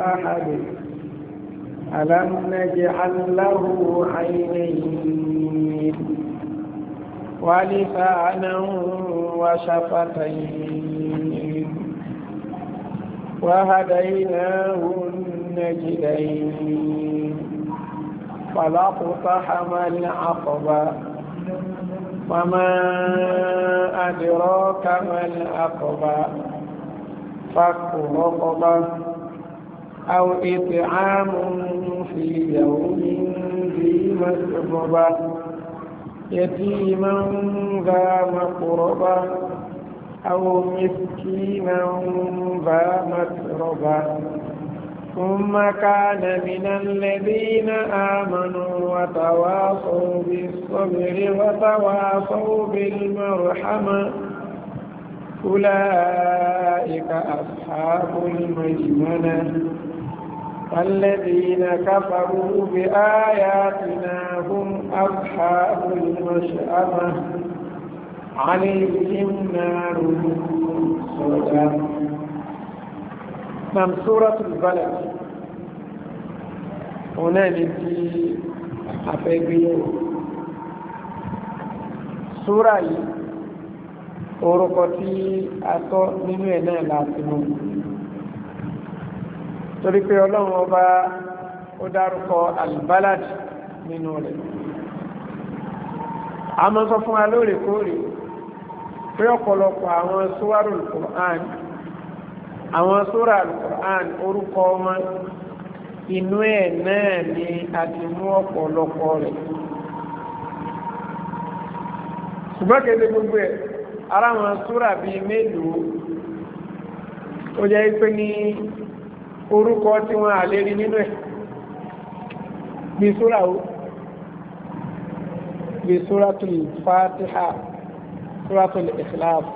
أحد ألم نجعل له عينين ولسانا وشفتين وهديناه النجدين اقتحم العقبة وما أدراك ما العقبة فك رقبة أو إطعام في يوم ذي مسغبة يتيما ذا مقربة أو مسكينا ذا مسربة ثم كان من الذين آمنوا وتواصوا بالصبر وتواصوا بالمرحمة أولئك أصحاب الميمنة الذين كفروا بآياتنا هم أصحاب المشأمة عليهم نار سوداء نعم سورة البلد هنالك أفيبيو سورة orúkọ tí a tọ́ torí pé ọlọ́run ọba ó dárúkọ albalad nínú rẹ̀ a mọ́ sọ fún wa lóòrèkóòrè pé ọ̀pọ̀lọpọ̀ àwọn súwárò alukur'an àwọn súra alukur'an orúkọ wọn inú ẹ̀ náà ni a ti mú ọ̀pọ̀lọpọ̀ rẹ̀ ṣùgbọ́n kéde gbogbo ẹ̀ ara àwọn súra bíi mélòó ó jẹ́ pé ní orúkọ tí wọ́n àlérí nínú ẹ̀ bí súra ó bí súratul fatiha súratul ikhlas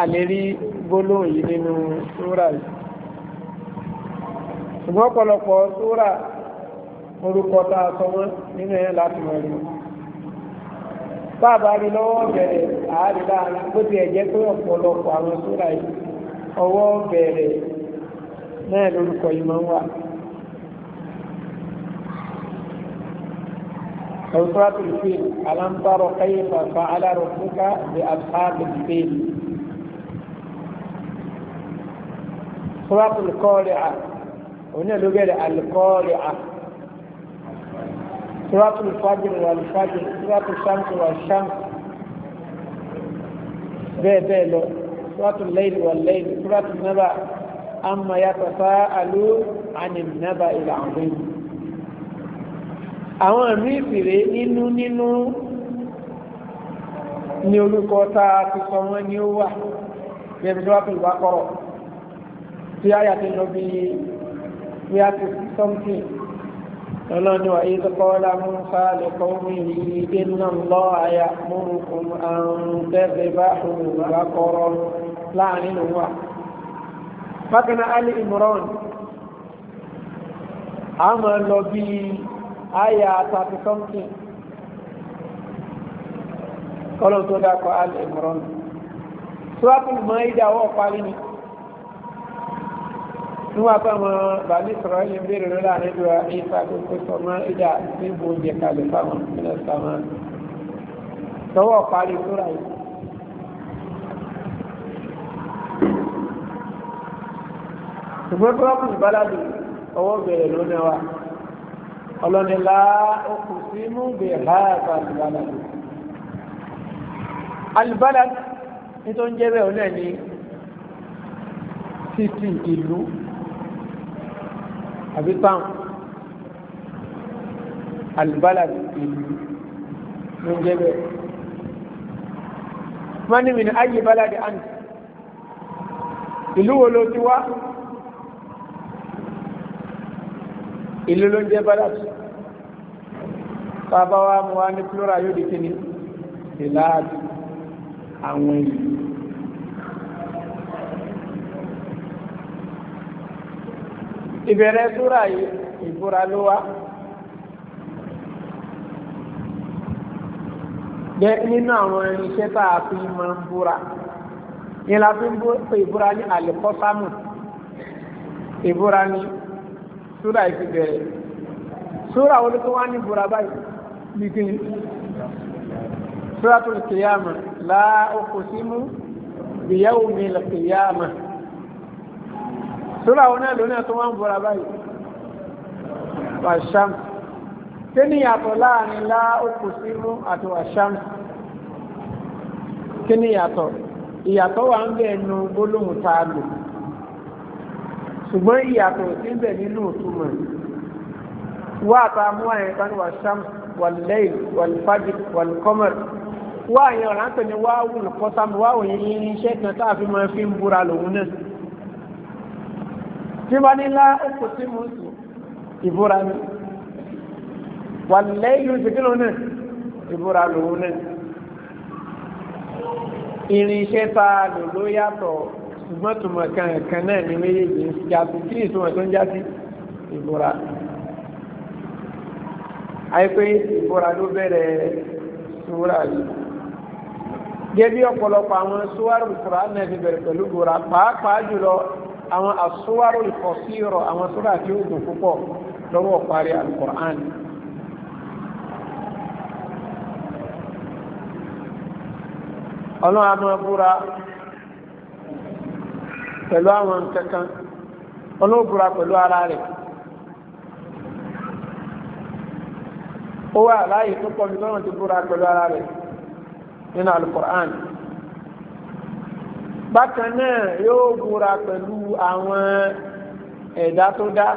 àlérí gbólóhùn yìí nínú súra yìí ṣùgbọ́n ọ̀pọ̀lọpọ̀ súra orúkọ tá sọ wọ́n nínú ẹ̀ láti mọ̀ rí bá bá rí lọ́wọ́ bẹ̀rẹ̀ àárí láàrin àwọn yìí ọwọ́ bẹ̀rẹ̀ náà lórúkọ ìmọ̀ wà ọ̀sọ́tù fíìl alámbárọ̀ káyífà fa alárò fúnká bí àtàbí fíìl sọ́tù kọ́ọ̀lẹ̀ oní ló bẹ̀rẹ̀ alkọ́ọ̀lẹ̀ sọ́tù fájìrì wà fájìrì sọ́tù sáǹkì wà sáǹkì bẹ́ẹ̀ bẹ́ẹ̀ lọ suratul layl wal layl suratul naba amma yatasaalu anin naba ìlà àwọn àwọn àmì ìfìrè nínú nínú ní orúkọ tá a ti sọ wọn ni ó wà yẹbi suratul baqara tí a yàtọ̀ lọ bí i we have to ọlọ́ni wa ìdí kọ́lá mún fàálì kọ́mí ìdí náà lọ́ àyà múrùkùn àrùn tẹ́fẹ̀ bá òun bá kọ́rọ́ láàrin òun wà. bákan náà Ali Imran a máa lọ bí àyà thirty something kọ́lọ́ tó dákọ̀ Ali Imran. sọ́kùn mọ́ ìdáwọ́ parí ni níwọ̀n àpamọ́ bàbá sọ̀rọ̀ ẹ̀yìn bèèrè lọ́la àrẹ́dùwà ìfà gbogbo sọmọ ìdá níbo oúnjẹ kalẹ̀ fáwọn ìpínlẹ̀ sàmà tọwọ́ parí sóra yìí. ṣùgbọ́n bọ́ọ̀kù ìbáládù ọwọ́ bẹ̀rẹ̀ lónà wa ọlọ́nilá okùn sí mú bẹ̀rẹ̀ láàbà ìbáládù. alìbáládù nítorí jẹ́ bẹ́ẹ̀ ọ̀nà ìlú àbí táwọn alìbálà ìlú ló ń jẹ́ bẹ́ẹ̀. mani min ayi baladi an ìlú wo ló ti wá ìlú ló ń jẹ́ baladi wa mu wa ní plural yóò di kíni ìlà àwọn ìlú. ìbẹ̀rẹ̀ súrà yìí ìbúra ló wá jẹ́ nínú àwọn irinṣẹ́ tá a fi máa ń búra ní la fi ń pè ìbúra ní àlùkọ́sámù ìbúra ní súrà yìí ti bẹ̀rẹ̀ súrà wo ló tó wá ní ìbúra báyìí bíbí súrà tó lè kéyàmà láà ó kò sí mú mi lè kéyàmà sórí àwọn náà lónà tó wọ́n ń bọ̀ra báyìí wàṣàm kí ni yàtọ̀ láàrin láòkù símú àti wàṣàm kí ni yàtọ̀ ìyàtọ̀ wà ń bẹ̀ nu gbólóhùn tá a lò ṣùgbọ́n ìyàtọ̀ tí ń bẹ̀ nínú òtúmọ̀ wà tá a mú àyẹ̀ká ní wàṣàm wàlẹ́yìn wàlfàjì wàlkọ́mọ̀rì wà àyẹ̀ ọ̀rántọ̀ ni wà á wù ní kọ́sàmù wà òyìn iṣẹ́ kan tá máa fi ń búra lòun náà tí wọ́n ní ńlá òkú tí mo ń sùn ìbúra ni wà lẹ́yìn ìṣèkìlò náà ìbúra lòun náà irinṣẹ́ tá a lò ló yàtọ̀ ṣùgbọ́n tùmọ̀ kan kan náà ni méjèèjì ń jásí kí ni ìtumọ̀ tó ń jásí ìbúra àìpé ìbúra ló bẹ̀rẹ̀ súwúrà yìí gẹ́gẹ́ bí ọ̀pọ̀lọpọ̀ àwọn súwárù kùránà ti bẹ̀rẹ̀ pẹ̀lú ìbúra pàápàá jùlọ àwọn àsúwárò ìfọ̀síọ̀rọ̀ àwọn sura tí ó dùn púpọ̀ lọ́wọ́ parí pẹ̀lú àwọn kankan ọlọ́run búra pẹ̀lú ara rẹ̀ ó wà ti búra pẹ̀lú ara rẹ̀ nínú bákan náà yóò búra pẹ̀lú àwọn ẹ̀dá tó dá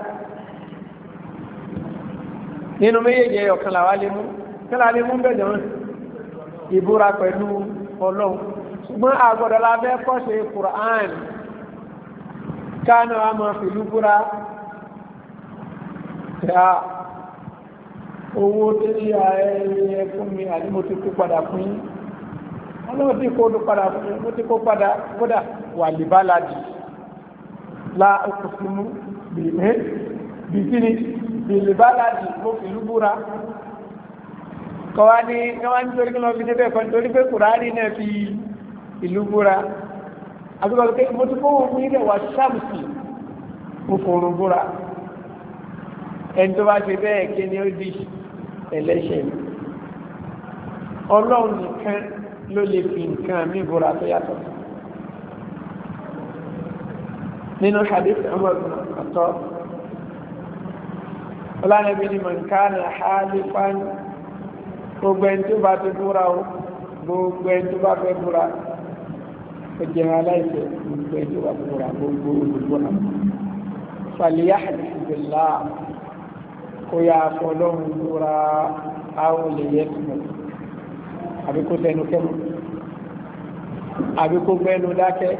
nínú méjèèjì ọ̀kan làwa lè mú kí la lè mú bẹ́ẹ̀ jọ̀wọ́n ìbúra pẹ̀lú ọlọ́run ṣùgbọ́n àgbọ̀dọ̀ la fẹ́ kọ́ṣe Qur'an kánú àmọ́ fìlú búra ya owó tó ní ẹ̀ẹ́dẹ́gbẹ̀ẹ́ fún mi àdìmọ́tò tó padà fún yín ọlọ́run tí kò ló padà mo ti kó padà kódà wà lè bá ládì la okùn sí mú bìlẹ̀ bìkíni bìlẹ̀ bá ládì mo fi lú búra kọ́wá ní káwá nítorí kí wọ́n fi débẹ̀ kan torí pé kùránì náà fi ìlú búra àbúkọ̀ pé mo ti kó wọn fún ilẹ̀ wà sáàmùsì mo búra ẹni tó bá ṣe bẹ́ẹ̀ kí ni ó di ẹlẹ́ṣẹ̀ ọlọ́run nìkan ló lè fi nǹkan mí bora tó yàtọ̀ nínú hadith Umar bin Khattab ọlánàbí ni mọ̀nkánà hálífán gbogbo ẹni tó bá ti búra o gbogbo ẹni tó bá fẹ́ búra ó jẹ́ aláìsẹ̀ gbogbo ẹni tó bá búra gbogbo olùbúra falyahlif billah kó yà fọlọ́run búra àwọn olè yẹ àbí kó tẹnu kẹ́mọ́ àbí kó gbẹ́nu dákẹ́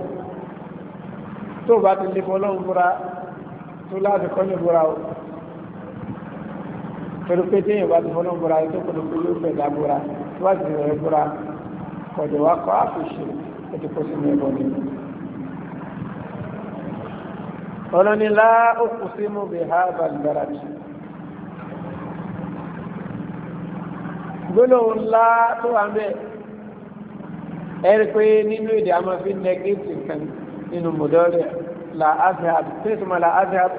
tó bá ti lè fọlọ́run búra tó láti kọ́ ní búra o pẹ̀lú pé téèyàn bá ti fọlọ́run búra yìí tó kọ́ ní kó yóò fẹ́ dá búra tó bá ti rẹ̀ búra kọ̀dọ̀ wá kọ́ àfìṣe ó ti kó sínú ẹ̀bọ̀n nínú ọlọ́ni lá òkú símú bèhá balùbárà jù gbólóhùn ńlá tó wà mẹ́ ẹ̀rí pé nínú èdè a máa fi nẹ́gẹ́tì kan nínú mọ̀dọ́rẹ̀ la azhab tẹ́sùmọ̀ la azhab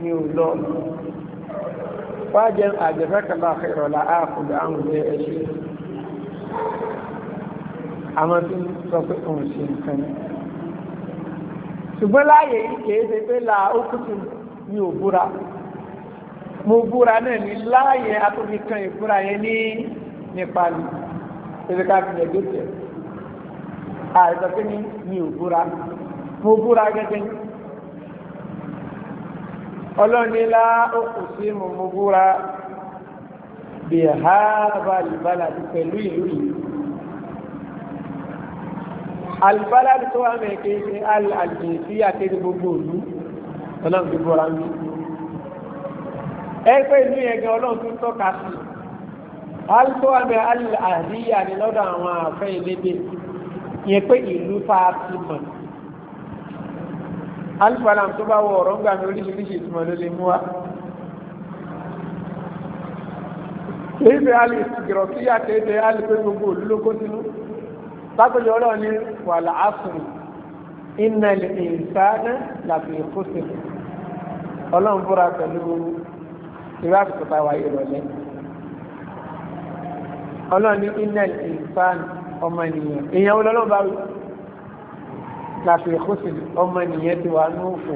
ni ò lọ wájẹ́ àjẹ́fẹ́kàlá àkẹrọ la áàkùnlẹ̀ àwọn ilé ẹ̀ṣẹ́ a máa fi sọ pé òun ṣe nǹkan ṣùgbọ́n láàyè kìí ṣe pé la ó kùtù ní òbúra mo búra náà ní láàyè atòmíkan ìbúra yẹn ní nípa ni ṣẹlẹ̀ ká fi ẹ̀dọ́ tẹ̀. àìsàn pé ní mi ò búra mo búra gẹ́gẹ́ ní. ọlọ́nilá ó kù sí mo mo búra bí haaba albalad pẹ̀lú ìlú yìí. albalad tó wà mẹ́kẹ́ ṣe alàjèsí àkéde gbogbo òlu ọlọ́run ti búra mi. ẹ pé inú yẹn gan ọlọ́run tó tọ́ka sí i alùpùpù àdíyà ni lọ́dọ̀ àwọn àfẹ́ ìlédè yẹn pé ìlú tá a ti mọ̀ alùpàlà tó bá wọ ọ̀rọ̀ gbà mí oríṣiríṣi ìtumọ̀ ló lè mú wa. kéèfé alìsìgìrọ̀ kí yá kéèfé alìpé gbogbo olùlókó sínú lápẹjọ ọlọ́ọ̀ ní wàlà áfùrù iná lè ìsáná làbí ìkóṣe ọlọ́run búra pẹ̀lú ìwé àkùkù táwa ìrọ̀lẹ́ ọlọ́run ní inel ìfàn ọmọnìyàn èèyàn olólùwọ́ bá wí láti ìkóṣì ọmọnìyàn ti wà ní òfò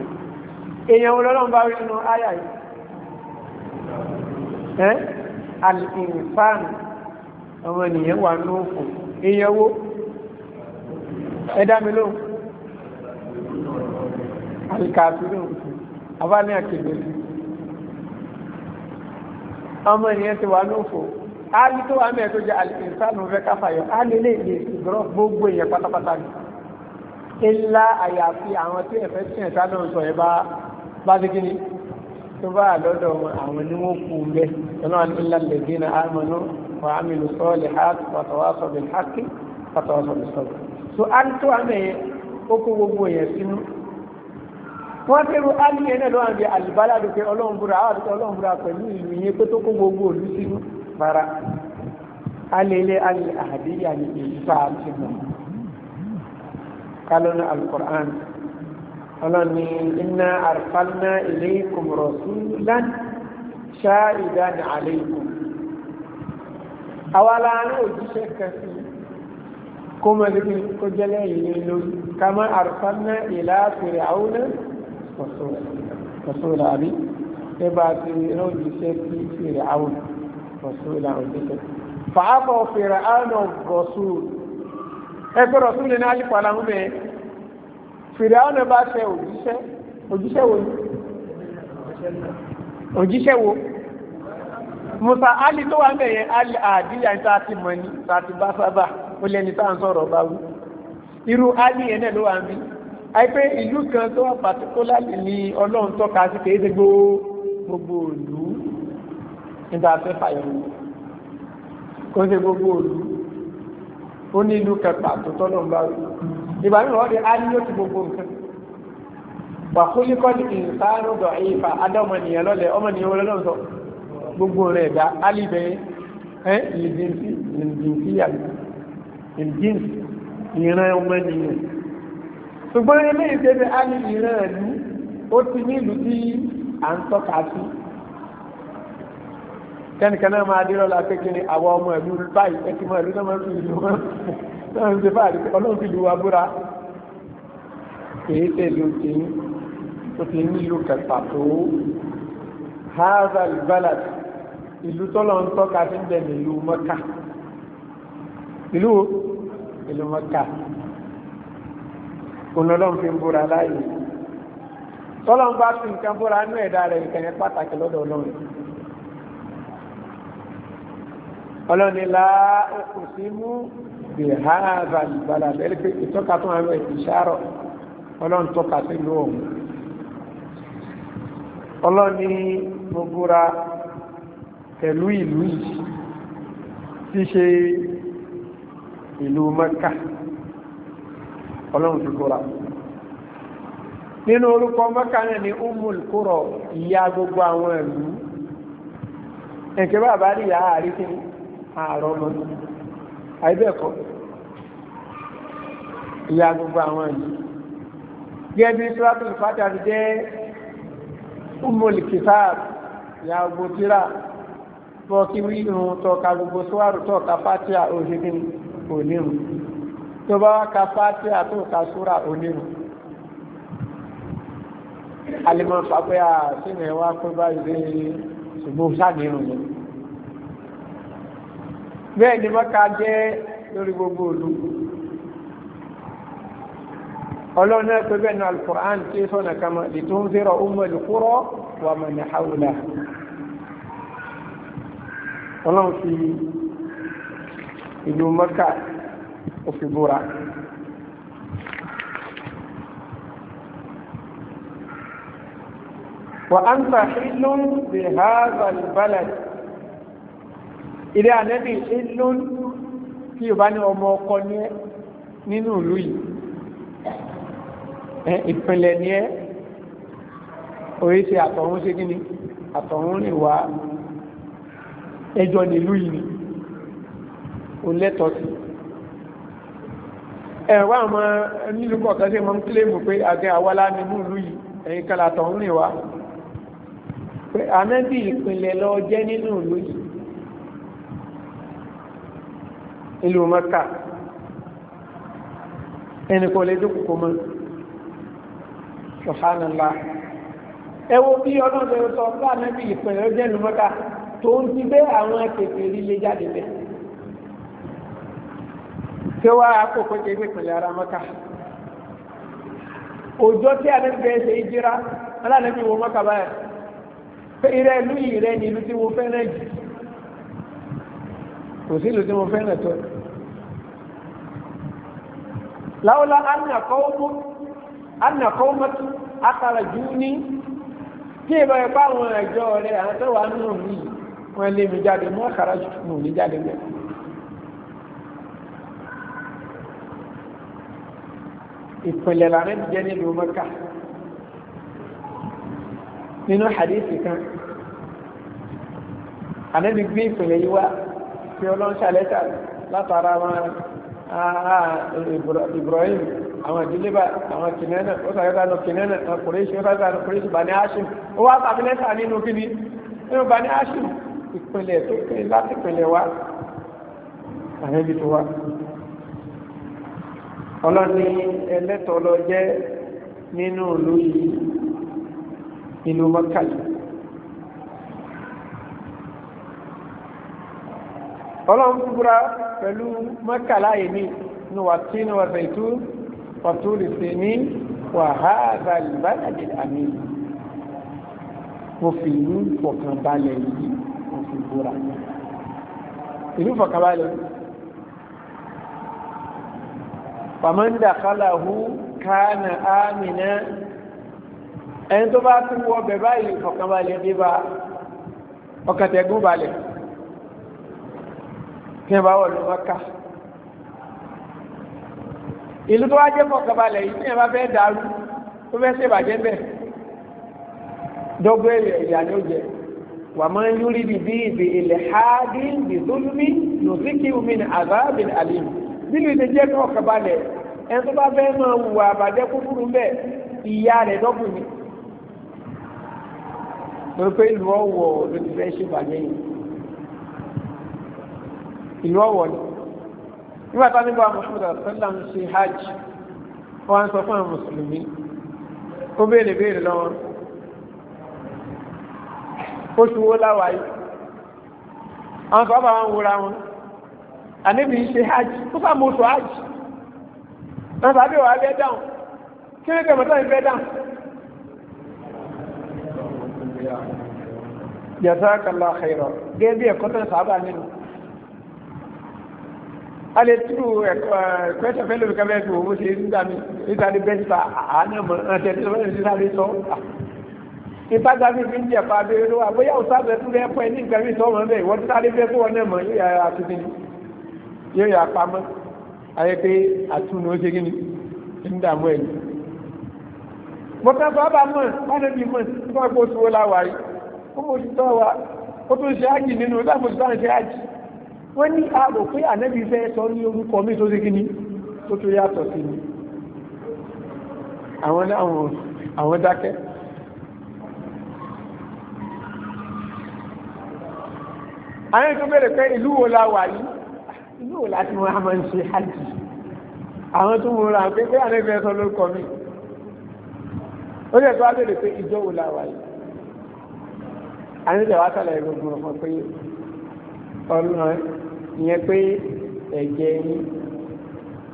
èèyàn olólùwọ́ bá wí nínú àyà yìí ẹ́ al-ìfàn ọmọnìyàn wà ní òfò èèyàn wo ẹ̀dá mi lóhùn alìkàfíró ti wà ní òfò áárí tó wà mẹ́ẹ̀ tó jẹ́ alìsánù fẹ́ káfàyọ̀ á lè lè lè gbọ́ gbogbo èèyàn pátápátá ni ńlá àyàfi àwọn tí ẹ̀fẹ́ tí ẹ̀ta náà sọ ẹ̀ bá bá ti kí ni tó bá lọ́dọ̀ àwọn ni wọ́n kú bẹ́ ọlọ́run ńlá lè dín àmọ́nú wà á mìlú sọ́ lè so áárí tó wà mẹ́ẹ̀ ó kó gbogbo èèyàn sínú wọ́n tẹ́rù áárí yẹn náà lọ́wọ́ àbí àlùbálà dùkẹ́ ọlọ́run búra àwọn àdùkẹ́ pẹ̀lú ìlú yẹn pé tó kó gbogbo òlú sínú rárá alẹ́lẹ́ alẹ́ àdíyà ni èyí bá a ti mọ̀ kálọ́nà alukur'an ọlọ́ni iná àrùfáàlná ilé kòmọ̀rọ̀ súnlán ṣáà ìdáni alẹ́ ikú àwa la ní òjíṣẹ́ kan sí kó mọ̀ sí kó jẹ́lẹ̀ yìí lórí ká mọ́ àrùfáàlná ìlà fèrè àwọn ọ̀sọ̀rọ̀ àbí ẹ bá ti rán òjíṣẹ́ sí fèrè àwọn ọ̀sọ̀rọ̀ rọ̀súlà òdìkẹ́ fàábọ̀ fèrè àánà rọ̀súl ẹgbẹ́ rọ̀súl ní alìpọ̀ aláwọ̀ mẹ́ fèrè àánà bá ṣe òjíṣẹ́ òjíṣẹ́ wo ni òjíṣẹ́ wo musa ali tó wà mẹ́yẹ ali àdíyà ní tààtì mọ̀ ní tààtì bá sábà ó lẹ́ni tá à ń sọ̀rọ̀ bá wí irú ali yẹn náà ló wà ń bí àìpé ìlú kan tó wà pàtíkólà ní ọlọ́run tọ́ka sí kéde gbogbo ìlú nígbà fẹ́ fàyẹ̀wò kó ṣe gbogbo òlu ó ní ìlú kẹfà tó tọ́nà bá wí ìgbà mìíràn wọ́n di á ní ó ti gbogbo nǹkan wàkúlíkọ́lì ìsáàrù dọ̀ífà adọ́mọnìyàn lọ́lẹ̀ ọmọnìyàn wọlé lọ́sọ gbogbo rẹ̀ dá alìbẹ̀ ẹ́ ìdínsí ìdínsí ìran ọmọnìyàn ṣùgbọ́n ilé ìdẹ́bẹ̀ alì ìran ẹ̀lú ó ti ní ìlú tí à ń tọ́ka sí kẹ́nìkan náà máa dérọ́ la kékeré àwọn ọmọ ìlú báyìí ẹtì mọ́ ìlú náà máa ń fi ìlú wọn náà ń ṣe fáàrí pé ọlọ́run fi ìlú wa búra kìí tẹ̀lé òkè tó ti ní ìlú kẹfà tó hazal balad ìlú tọ́lọ̀ ń tọ́ka sí ń bẹ̀ ní ìlú ìlú ìlú mọ́kà ọlọ́run fi ń búra láàyè tọ́lọ́ ń bá fi nǹkan búra nú ẹ̀dá rẹ̀ nǹkan yẹn pàtàkì lọ́dọ̀ ọlọ́run ọlọ́nilá òkú sí mú bìhàvà ìgbàlà bẹ́ẹ̀ pé ìtọ́ka tó wà lọ́wọ́ ìṣàrọ̀ ọlọ́run tọ́ka sí ìlú òun ọlọ́ni gbogbo ra pẹ̀lú ìlú yìí tí ṣe ìlú Mẹ́kà ọlọ́run fi kóra nínú orúkọ Mẹ́kà náà ni umul kúrọ̀ ìyá gbogbo àwọn ìlú ẹ̀kẹ́ bàbá rí ìyá àríkìní àárọ̀ mọ́ àìbẹ́ẹ̀kọ́ ìyá gbogbo àwọn yìí gẹ́gẹ́ bí sọ́tún ìfàtà ti jẹ́ umolikita ìyá gbogbo tíra tọ́ kí wí irun tọ́ka gbogbo sọ́wárù tọ́ka fàtíà òṣèlú onírun tó bá wá ka fàtíà tọ́ka sóra onírun alimọ̀ pàpẹ́ àṣìlẹ̀ wa pé báyìí ṣùgbọ́n sáà nírun yìí bẹ́ẹ̀ ni mọ́ká jẹ́ lórí gbogbo òlu ọlọ́run náà pé bẹ́ẹ̀ ní alukur'an tí ó sọ̀nà kama lè tó ń zẹ́rọ ọmọ ìlúkúrọ̀ wà mọ̀ ní ọlọ́run fi ìlú mọ́ká òfin búra wa anta hillun bi hadha al balad ilé ànẹ́bì inú tí ò bá ní ọmọ ọkọ ní ẹ nínú ìlú yìí ìpínlẹ̀ ní ẹ orí ṣe àtọ̀run ṣe gíní àtọ̀run rìn wá ẹjọ́ nílú yìí ni ò lẹ́tọ̀ọ́ sí ẹ̀rọ àwọn nílùú kọ̀ọ̀kan sí mọ́ ń kílèmù pé àgẹ́ àwọ́lá nínú ìlú yìí ẹ̀yìn kan àtọ̀run rìn wá pé ànẹ́bì ìpínlẹ̀ lọ jẹ́ nínú ìlú yìí ìlú mẹ́kà ẹnìkan lè dúkùkù mọ́ ṣọ̀hánàlá ẹwọ bí ọdún bẹ̀rẹ̀ sọ bá nẹ́bí ìpẹ̀lẹ̀ jẹ́ ìlú mẹ́kà tó ń ti bẹ́ àwọn akẹ̀kẹ̀ líle jáde bẹ̀ tí wá àkókò jẹ́ ìpẹ̀lẹ̀ ara mẹ́kà òjò tí a nẹ́bí bẹ́ẹ̀ ṣe ìjíra alánẹ́bí wọ mẹ́kà báyà pé ìrẹ́ ìlú yìí rẹ́ ni ìlú tí wọ́n fẹ́ràn kò sí ìlú tí mo fẹ́ràn tó láwọlá anàkọ́ọ́mọ́tú akara jù ní tí ìbá ẹ̀pá àwọn ẹ̀jọ́ rẹ̀ àwọn tó wà nínú mi wọ́n lé mi jáde mọ́ àkàrà jù mí jáde mẹ́rin ìpìlẹ̀ lànà jẹ́ nílùú mẹ́ka nínú hadith kan ànábi gbé ìpìlẹ̀ yìí wá tí ọlọ́run ṣàlẹ́sà látara wọn Ibrahim àwọn ìdílé bá àwọn kìnẹ́nà ó sàrẹ́sà nù kìnẹ́nà àwọn kùrẹ́sì ó sàrẹ́sà nù Bani Hashim ó wá tàbí lẹ́sà nínú kíni nínú Bani Hashim ìpínlẹ̀ tó pé láti pínlẹ̀ wá àwọn ibi tó wá ọlọ́ni ẹlẹ́tọ̀ọ́ lọ jẹ́ nínú ìlú yìí mọ́kàlì ọlọ́run búra pẹ̀lú mọ́kàlá ìní ní wàtíní wà zẹ̀tú wàtúrì sí ní wàhálà ìbáradì àmì mo fi ìlú ìfọ̀kànbalẹ̀ yìí mo fi búra ìlú ìfọ̀kànbalẹ̀ pàmọ́ndà kálàhù kánà ámìnà ẹni tó bá tún wọ bẹ̀ báyìí ìfọ̀kànbalẹ̀ dé bá ọkàtẹ̀gùn balẹ̀ kí ẹ bá wọ̀ ló mọ́ká ìlú tó wá jẹ́ fọkànbalẹ̀ yìí kí ẹ bá fẹ́ dàrú tó fẹ́ ṣèbàjẹ́ bẹ́ẹ̀ dọ́gbé ìyà ni ó jẹ wà máa ń yúrí bí bí ibi ilẹ̀ háàdì bí zulmi nùsíkì omi ní azabin alim nínú ìdè jẹ́ fọkànbalẹ̀ ẹni tó bá fẹ́ máa wù àbàjẹ́ kúkúrú bẹ́ẹ̀ ìyá rẹ̀ dọ́gbìn ni pé ìlú ọ̀wọ̀ ló ti fẹ́ ṣèbàjẹ́ yìí ìlú ọ̀wọ̀ ni nígbà tá nígbà Muhammad sallam ṣe hajj wọ́n sọ fún àwọn mùsùlùmí ó béèrè béèrè lọ́wọ́ oṣù wo láwàáyé àwọn sọ́ọ́bà wọn wúra wọn àníbi ṣe hajj tó bá mọ̀ oṣù hajj wọn sàbí wà bẹ́ẹ̀ dáhùn kí ló kẹ́ mọ́tọ́ ìfẹ́ dáhùn. jazakallah khairan gẹ́gẹ́ bí ẹ̀kọ́ tó ń sábà nínú a lè tú ẹ̀kọ́ fẹ́ lórí kẹfẹ́ tí owó ṣe nígbà mi nítorí bẹ́ńtà àánàmọ̀ ẹ̀tẹ̀ tí wọ́n ti sáré sọ. ipa gbàgbé fi ń a pa abẹ́rẹ́ ló wà bóyá òṣàbẹ̀ tún lẹ́ pẹ́ ní nǹkan ìṣọ́ wọn bẹ́ẹ̀ wọ́n ti sáré fẹ́ fún wọn náà mọ̀ yóò yà àtúnṣe yóò yà pamọ́ ayé pé àtúnú ó ṣe kí ni ń dààmú ẹ̀yìn. mo fẹ́ sọ bá mọ̀ báyọ̀ bí mọ̀ nípa ipò oṣù wo la wà yìí ó mo ti tọ́ wa ó tún ṣe ájì nínú láàmú wọ́n ní ààbò pé ànẹ́bí fẹ́ sọ ní orúkọ mí tó sí kí ní tó tó yàtọ̀ sí ní àwọn dákẹ́ àwọn tó bẹ̀rẹ̀ pé ìlú wo la wà yìí ìlú wo láti wọ́n a máa ń ṣe hajj àwọn tó múra pé pé ànẹ́bí fẹ́ sọ lórúkọ mí ó lè tó wá bẹ̀rẹ̀ pé ìjọ wo la wà yìí ọ̀nà ìyẹn pé ẹ̀jẹ̀ yín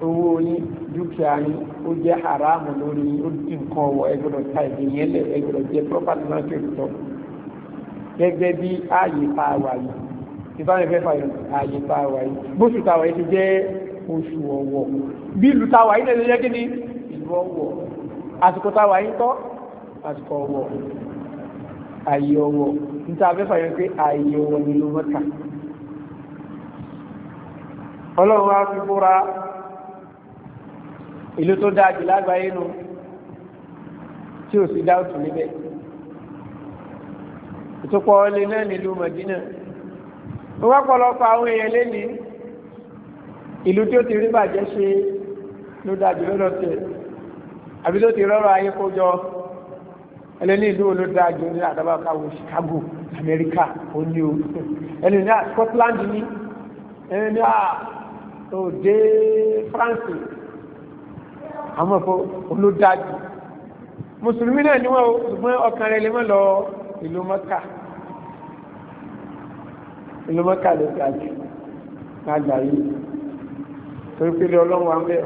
owó yín dúkìá yín ó jẹ́ haramu lórí yín ó di nǹkan ọ̀wọ́ ẹ gbọ́dọ̀ ta ẹ̀jẹ̀ yẹn lẹ̀ ẹ gbọ́dọ̀ jẹ́ property náà tó tọ́ gẹ́gẹ́ bí ààyè tá a wà yìí ìbáraẹ̀ fẹ́ fà ààyè tá a wà yìí bóṣù tá a wà yìí ti jẹ́ oṣù ọ̀wọ̀ bí ìlú tá wà yìí lẹ́nu yẹ́ kí ni ìlú ọ̀wọ̀ àsìkò tá wà yìí tọ́ àsìkò ọ̀wọ̀ ààyè ọ̀wọ̀ níta fẹ́ fà yẹn pé ààyè ọ̀wọ̀ nílùú mọ́ta. ọlọ́run wá fi búra ìlú tó dáa jù lágbàáyé nu tí ò sí dáùtù níbẹ̀ ìtòpọ̀ ọlẹ́ náà nílùú Mọ̀dínà ó wá pọ̀lọpọ̀ àwọn èèyàn lẹ́nìí ìlú tí ó ti rí bàjẹ́ ṣe ló dáa jù lọ́dọ̀ tẹ̀ àbí ti rọrọ̀ ayé kó jọ ẹlẹ́ni ìlú wo ló dáa jù ní Chicago Amẹ́ríkà ó ní o ní Scotland ní ní àà. Ah, tó dé France àwọn ọkọ̀ olódájú mùsùlùmí náà ni wọ́n ṣùgbọ́n ọkàn rẹ̀ lè mọ́ lọ ìlú mọ́kà ìlú mọ́kà ló ga jù lágbà yìí torí pé ọlọ́run wa ń bẹ̀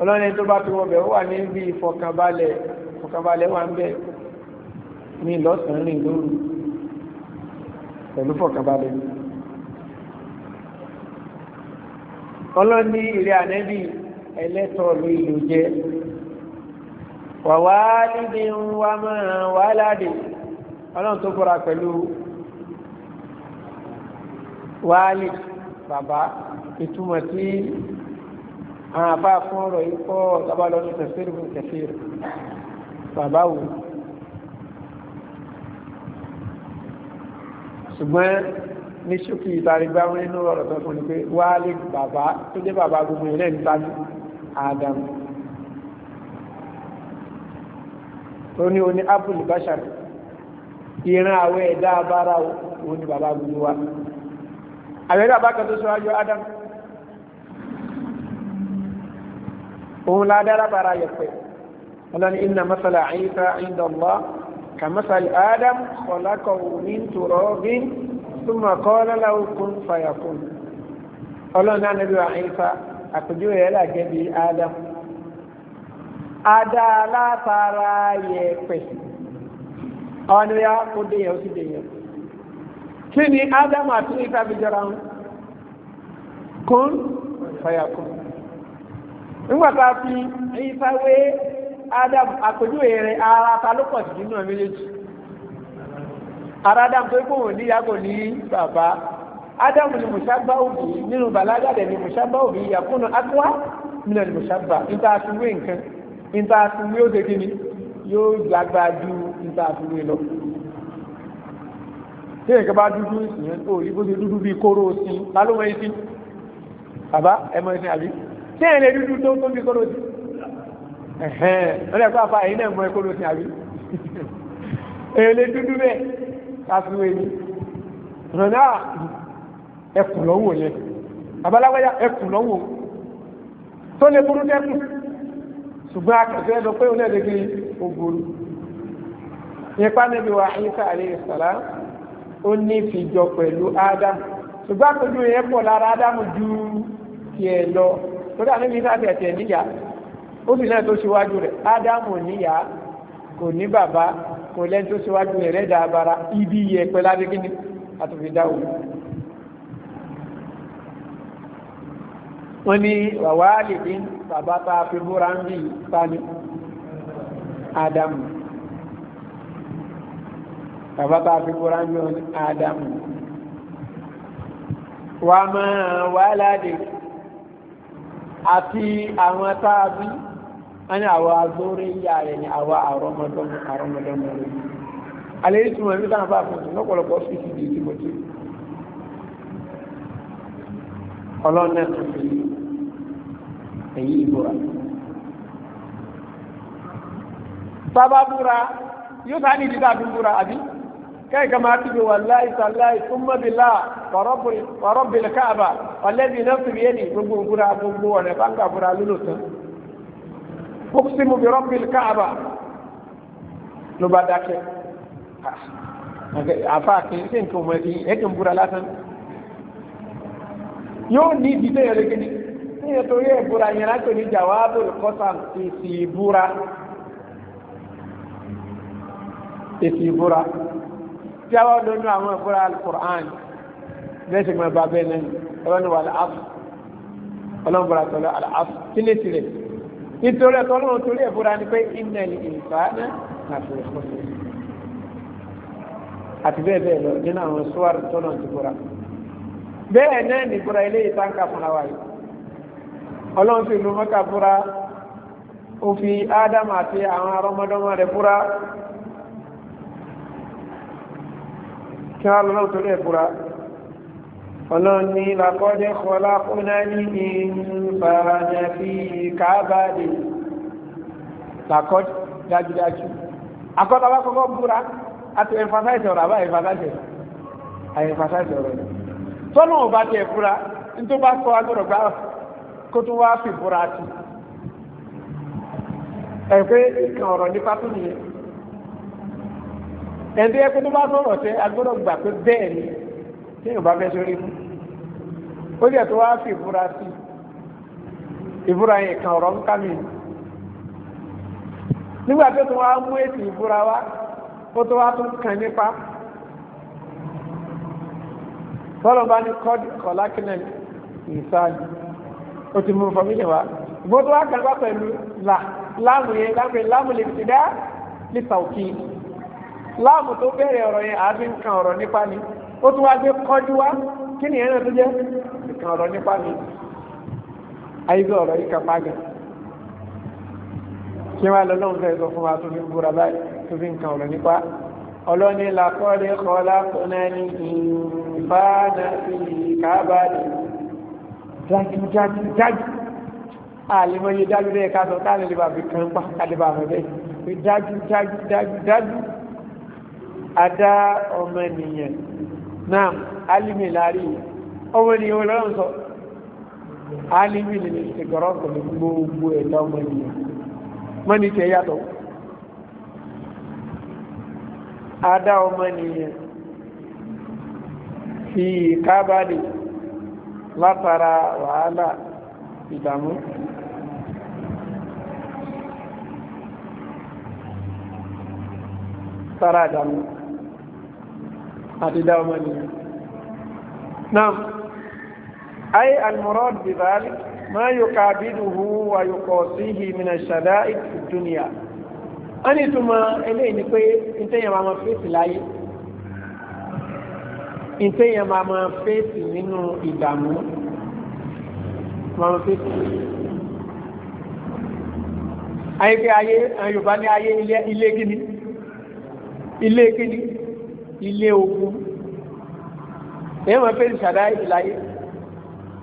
ọlọ́run ẹni tó bá fi wọ́n bẹ̀ ó wà ní bí ìfọkànbalẹ̀ ìfọkànbalẹ̀ wà ń bẹ̀ ní ìlọ́sàn-án rìn lóru pẹ̀lú fọkànbalẹ̀ yìí. ọlọ́ni ìrẹ́ ànẹ́bì ẹlẹ́tọ̀ ló ìlú jẹ́ wàwá níbi ń wá máa wà láàdì ọlọ́run tó bọ́ra pẹ̀lú wáálì bàbá ìtumọ̀ tí àwọn àbá fún ọ̀rọ̀ yìí kọ́ ọ̀tọ́bálọ́nù tẹ̀síìrì fún tẹ̀síìrì bàbá wò ṣùgbọ́n ní ṣókí ìtàrígbá wọn nínú ọ̀rọ̀ tó fún ni pé wálé bàbá tó jẹ́ bàbá gbogbo ilẹ̀ níta ní Adam ó ní oní apple bashar ìran àwọ̀ ẹ̀dá abára ó ní bàbá gbogbo wa àwẹ̀rẹ̀ bàbá kan tó ṣọ́wájú Adam òun ládára bàrá yẹ̀pẹ̀ ọlọ́ni inna masala Isa inda Allah ka masali Adam khalaqahu min turabin ثم قال له كن فيكون ọlọ́run Ọlọ wa Ìsá àpèjúwe rẹ̀ làgẹ́ bí Adam Adam látara yẹ̀pẹ̀ ọ̀nà ya kó déyẹ̀ ó sì ni Adam nígbà tá a fi Ìsá wé Adam àpèjúwe rẹ̀ ara ta ló pọ̀ sí nínú ẹ̀ méjèèjì. Aradam ádámù tó kóhùn níyà kò ní bàbá ádámù ni mùsábà òbí nínú bàlágà dẹ̀ ni mùsábà òbí yàkúnà akwa nínú ni mùsábà níta àfiwé nǹkan níta àfiwé ó segin ni yóò lágbára ju níta àfiwé lọ. tí èèyàn bá dúdú ìyẹn tó yìí bó ṣe dúdú bíi kóró sí i ta ló mọ ẹsìn bàbá ẹ mọ ẹsìn àbí tí èèyàn lè dúdú tó tó bíi kóró sí i ẹ̀hẹ́n ọ̀rẹ́ ẹ̀kọ́ ẹ̀yin náà mọ ẹ̀kọ́ ló ti àbí èèyàn lè dúdú bẹ́ẹ̀. káfíwé ni rọ̀nà ẹkùn lọ́wọ́ ya. babaláwáyà lọ́wọ́ tó lè burú dẹ́kùn ṣùgbọ́n akẹ́kẹ́ lọ pé òun náà lè nípa níbi wa ayíká ó ní pẹ̀lú ádámù ṣùgbọ́n àpèjú yẹn pọ̀ lára ádámù ju tiẹ̀ lọ kódà níbi níyà ó sì náà tó ṣíwájú rẹ̀ ádámù níyà kò ní bàbá kò lẹ́ni tó síwájú rẹ̀ dá abara ibi yẹ pẹ̀lú adékíní àtòfi dá òun. wọ́n ní wàwá àlèdè bàbá tá a fi búra ń bí sani ádámù bàbá tá fi búra ń bí ádámù wàá máa wàhálà dè àti àwọn tá a bí. ana àwa zuriya rẹ̀ ni Ramadan àrọ́mọdọ́mọ àrọ́mọdọ́mọ rẹ̀ alẹ́ yìí túnmọ̀ ní sáà bá fún un lọ́pọ̀lọpọ̀ sí ti di ìdìbò tí ọlọ́nà èyí yi sábà búra yóò sáà ní ìdíkà fún búra abi kai máa ti bí wallahi thumma wa rabbil kaaba ọ̀lẹ́bí náà fi yé ni gbogbo búra na ọ̀rẹ́ bá uqsimu bi rabbil káàbà ló bá dákẹ́ àfa kì í ṣe nǹkan ọmọ ẹ̀kí ẹ̀kí ń búra lásán yóò ní ibi tó yẹrẹ gidi níyẹn torí ẹ̀ búra yẹn láti ní jàwáàbò kọ́sà èsì ìbúra èsì ìbúra tí a wá lónú àwọn ìbúra alukur'an lẹ́sẹ̀ gbọ́n bá bẹ́ẹ̀ lẹ́nu ọlọ́run wà láàfù ọlọ́run bọ̀rọ̀ àtọ́lọ́ àlàáfù kí ni tirẹ̀. nítorí ẹ̀tọ́ lóhun torí ẹ̀búra ni pé iná na náà nàfi àti bẹ́ẹ̀ bẹ́ẹ̀ lọ nínú àwọn sùwárì tọ́nà ti búra bẹ́ẹ̀ náà ní búra ilé ìtànkà fúnra wa yìí ọlọ́run fi ìlú mọ́kà búra ó ádámù àti àwọn ọlọ́ni lakọ́dé kọlá kúnná ní ìfàànà fi kábàdì lakọ́dé dájúdájú akọ́tàbá kọ́kọ́ búra àti emphasize ọ̀rọ̀ àbá emphasize àyè emphasize ọ̀rọ̀ rẹ̀ tọ́nà ọba tẹ̀ fúra nítorí bá kọ́ agbọ́dọ̀ gbá kó tó wá fi fúra ti ẹ̀fẹ́ ìkan ọ̀rọ̀ nípa tó tí yóò bá fẹ́ sórí fún ó jẹ́ tó wá fi ìbúra sí ìbúra yẹn kan ọ̀rọ̀ ń ká mi nígbà tó tún wá mú èsì ìbúra wá ó tó wá tún kàn nípa tọ́lọ̀ bá ní kọ́dí kọ̀lákínẹ̀ ìsáàjì ó ti mú fọmílẹ̀ wá ìbò tó wá kàn wá pẹ̀lú láàmù yẹn láàmù láàmù lè ti dá ní sàùkì láàmù tó bẹ̀rẹ̀ ọ̀rọ̀ yẹn àáfin kan ọ̀rọ̀ nípa ni ó tún wá gbé kọjú wá kí ni ẹ̀rọ tó jẹ́ nìkan ọ̀rọ̀ nípa mi àìsí ọ̀rọ̀ yìí kàpá gan kí wá lọ́lọ́run fẹ́ sọ fún wa tó fi ń búra báyìí tó fi ń kan ọ̀rọ̀ nípa ọlọ́ni làkọ́lé kọlá kọ́nẹ́ni ìbáná ìkábàdì dájúdájú dájú àlèmọ́yé dájú rẹ̀ ká sọ káàlè lè bà fi kan pa káàlè bà fẹ́ bẹ́ẹ̀ dájú dájú dájú dájú adá ọmọ ènìyàn náà alimi láàrí ọmọ ni ìwọ̀n lọ́rùn sọ alimi ni ìgbọ̀rọ̀ pẹ̀lú gbogbo ẹ̀dá ọmọ ènìyàn mọ́ni tẹ yàtọ̀ adá ọmọ fi kábàdì látara wàhálà ìdààmú tara ìdààmú àti dá ọmọ nìyàn náà ayé almurad bibali máa yóò ká bídùhù wà yóò kọ̀ sí ìhìmìnà ṣàdá ìdúnìyà a ni ma ìtẹ́yàn máa máa fèsì ya ma máa máa fèsì ịdamu. ìdààmú máa máa fèsì ayé pé ayé Yorùbá ní ayé ile gíní ile ilé ogun èyí mọ̀ pé ìṣàdá ìláyé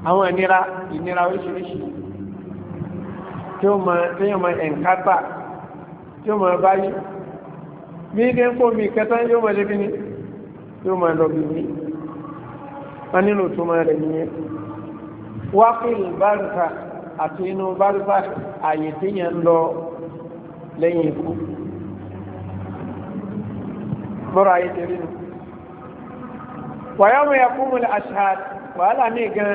àwọn ìnira ìnira oríṣiríṣi tí ó mọ tí ó mọ ẹ̀ǹkápà tí ó mọ báyìí bí ní kó mi kẹta yóò mọ débi ní yóò mọ lọ bìbí wọn nílò tó mọ rẹ nìyẹn wá fún ìlú bárùkà àti inú bárùkà àyè téèyàn ń lọ lẹ́yìn ikú bọ́rọ̀ ayé tẹ̀lé nù wàyọ́mù yẹ fún múlẹ̀ ashad wàhálà ní gan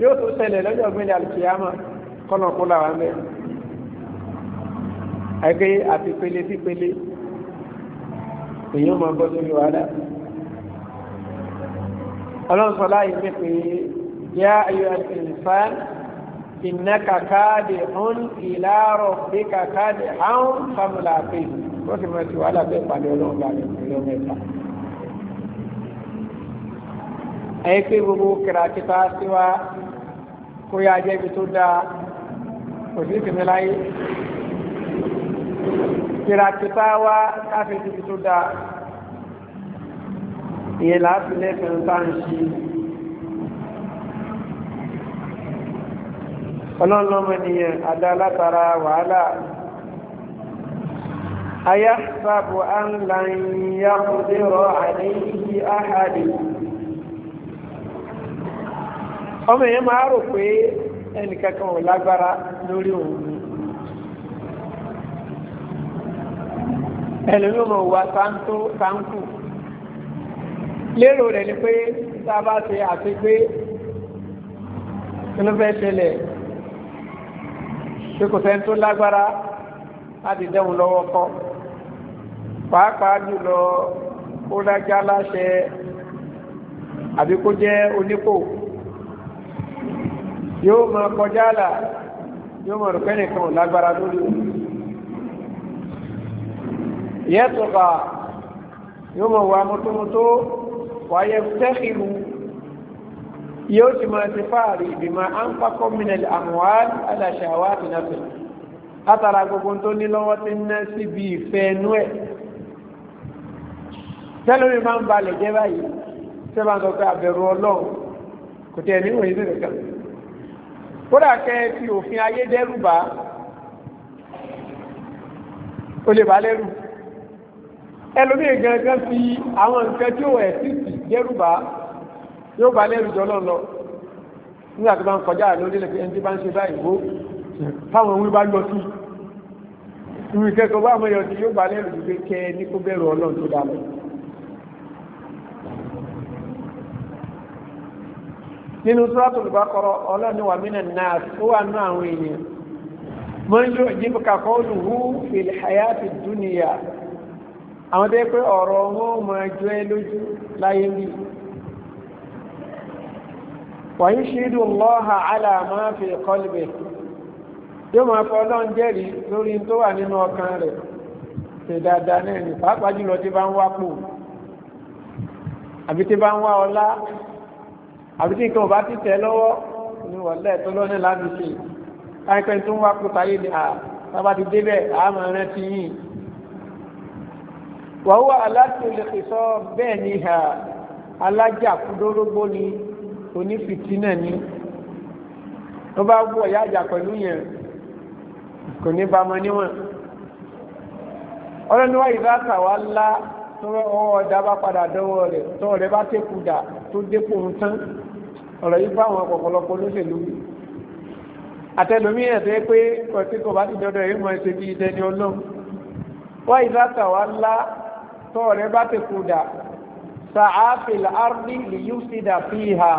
yóò tún ṣẹlẹ̀ lọ́jọ́ gbẹ́lẹ̀ alùkìyàmà kọ́nà kó làwọn bẹ́ẹ̀ ẹgbẹ́ àti pele sí pele èyàn máa bọ́ sórí wàhálà ọlọ́run sọ láàyè mi pé yá ayọ̀ ìfàn ìnáka káàdì hún ìlàrọ̀ bí kàkáàdì áhùn fámúlà pé wọ́n sì mọ̀ sí wàhálà bẹ́ẹ̀ pàdé ọlọ́run bá rẹ̀ ìpínlẹ̀ mẹ́ta. ẹ̀yìn pé gbogbo kìràkìtà sí wa kó yá jẹ́ ibi tó dáa kò sí ìsinmi láyé. kìràkìtà wa káfíń ibi tó dáa ìyẹn láti lẹ́sẹ̀ ń bá ń ṣe. ọlọ́run lọ́mọ nìyẹn adá látara wàhálà. أيحسب أن لن يقدر عليه أحد ọmọ èèyàn máa rò pé ẹnìkankan ò ẹlòmí ọmọ òwà sáńkù lérò rẹ̀ ni pé tá bá ṣe àfigbé inú fẹ́ ṣẹlẹ̀ pé kò sẹ́ni tó lágbára láti kan. pàápàá jùlọ ó dájá láṣẹ àbí kó jẹ́ onípò yóò mọ kọjá àlà yóò mọ rúpẹ́ nìkan ò lágbára lórí o yẹ́tùkà yóò mọ wà mọ́tómọ́tó wáyé tẹ́kìlú yóò ti máa ti fáàrí ìgbìmọ̀ àǹfàkọ́ mìnẹ̀lì àmúhàn aláṣà wa àti látara gbogbo tó ní lọ́wọ́ ti ń ná síbi ìfẹ́ inú ẹ̀ tẹ́lómi máa ń balẹ̀ jẹ́ báyìí tẹ́ bá ń sọ pé àbẹ̀rù ọlọ́run kò tẹ́ ní òye sílẹ̀ kan kódà kẹ́ fi òfin ayé dẹ́rù bá o lè bá lẹ́rù ẹlòmí gangan fi àwọn nǹkan tí ó ẹ̀ sí sí dẹ́rù bá yóò bá lẹ́rù jọ lọ́nà nígbà tó bá ń kọjá lórí lẹ́fẹ̀ẹ́ ẹni tí bá ń ṣe báyìí wó táwọn wí bá lọ sí ìwé kẹ́kọ̀ọ́ bá mọ̀ yọ̀ sí yóò bá lẹ́rù gbé kẹ́ ní kó bẹ̀rù ọlọ́run tó dáa nínú sọ́tò olùbákọ́rọ̀ ọlọ́ni wà mí náà ó wà nú àwọn èèyàn mọ́ ń yóò jí bùkà kọ́ olùhú fil hayati dúnìyà àwọn tó yẹ pé ọ̀rọ̀ wọn ò máa jọ ẹ lójú láyé bí wàyí ṣídù lọ́ha aláàmá fi kọ́lùbẹ̀ máa fọ́ ọlọ́run jẹ́rìí lórí tó wà nínú ọkàn rẹ̀ ṣe dáadáa náà ní pàápàá jùlọ tí bá ń wá pò àbí tí bá ń wá ọlá àbí tí nǹkan ò bá ti tẹ̀ lọ́wọ́ ní wọ̀lẹ́ tó lọ́nà láti ṣe káìpẹ́ tó ń wá kó táyé ní àbá ti débẹ̀ àmọ́ rántí yìí wàhùwà aláṣẹ lè fi sọ bẹ́ẹ̀ ni ha alájà kúdórógbó ni onífìtínà ni tó bá gbọ́ ọ̀yá àjà pẹ̀lú yẹn kò ní bá mọ níwọ̀n ọlọ́ni wáyé bá kà wá ńlá tó ọwọ́ ọjà bá padà dọ́wọ́ rẹ̀ tó ọ̀rẹ́ bá tẹ́kù dà tó dépò ń tán ọ̀rọ̀ yìí fáwọn ọ̀pọ̀lọpọ̀ olóṣèlú wí àtẹnumíyàn tó yẹ pé ọtí kò bá ti dọdọ yìí mọ ẹsẹ bíi ìdẹni ọlọ́run wá ìdáta wa ńlá tọ́ọ̀rẹ́ bá ti kú dà sàáfìl ardi lìyú sí dà fi hà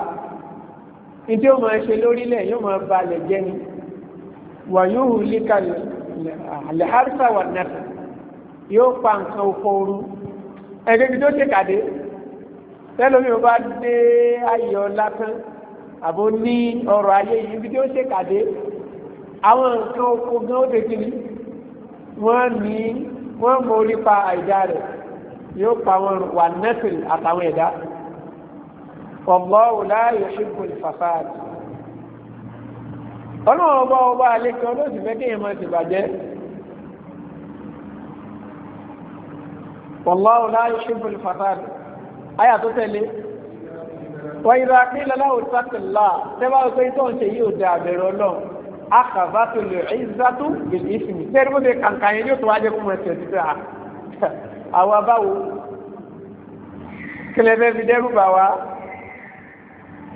ìdí òmò ẹsẹ lórílẹ̀ yóò máa balẹ̀ jẹ́ ni wà yóò hù líka lẹ́hàrísà wà nàfẹ̀ yóò pa nǹkan òfò ooru tó ṣe kàdé tẹ́lómi ò bá dé ayọ̀ látán àbó ní ọrọ̀ ayé yìí bí tí ó ṣe kàdé àwọn nǹkan oko gan ó ṣe kí ni wọ́n ní wọ́n mọ orí pa àìdá rẹ̀ yóò pa wọn wà nẹ́fìl àtàwọn ẹ̀dá wallahu la yuhibbul fasad ọlọ́run ọba ọba àlékan ló sì máa ti bàjẹ́ wallahu la yuhibbul fasad àyà tó tẹ̀lé wọ́n ìrọ̀ àpínlẹ̀ láwùjọ sátìlá tẹ́wàá wípé tó ń ṣe yìí ò dá àbẹ̀rẹ̀ ọlọ́run akàbá tó lè ẹ̀yìnzátó bèlè ìsìn tẹ́rì bó ṣe kàǹkà yẹn yóò tó wájẹ́ kó mọ̀ ẹ̀sẹ̀ títà ah, àwọn abáwo kẹlẹ́fẹ́ fi dẹ́rù bà wá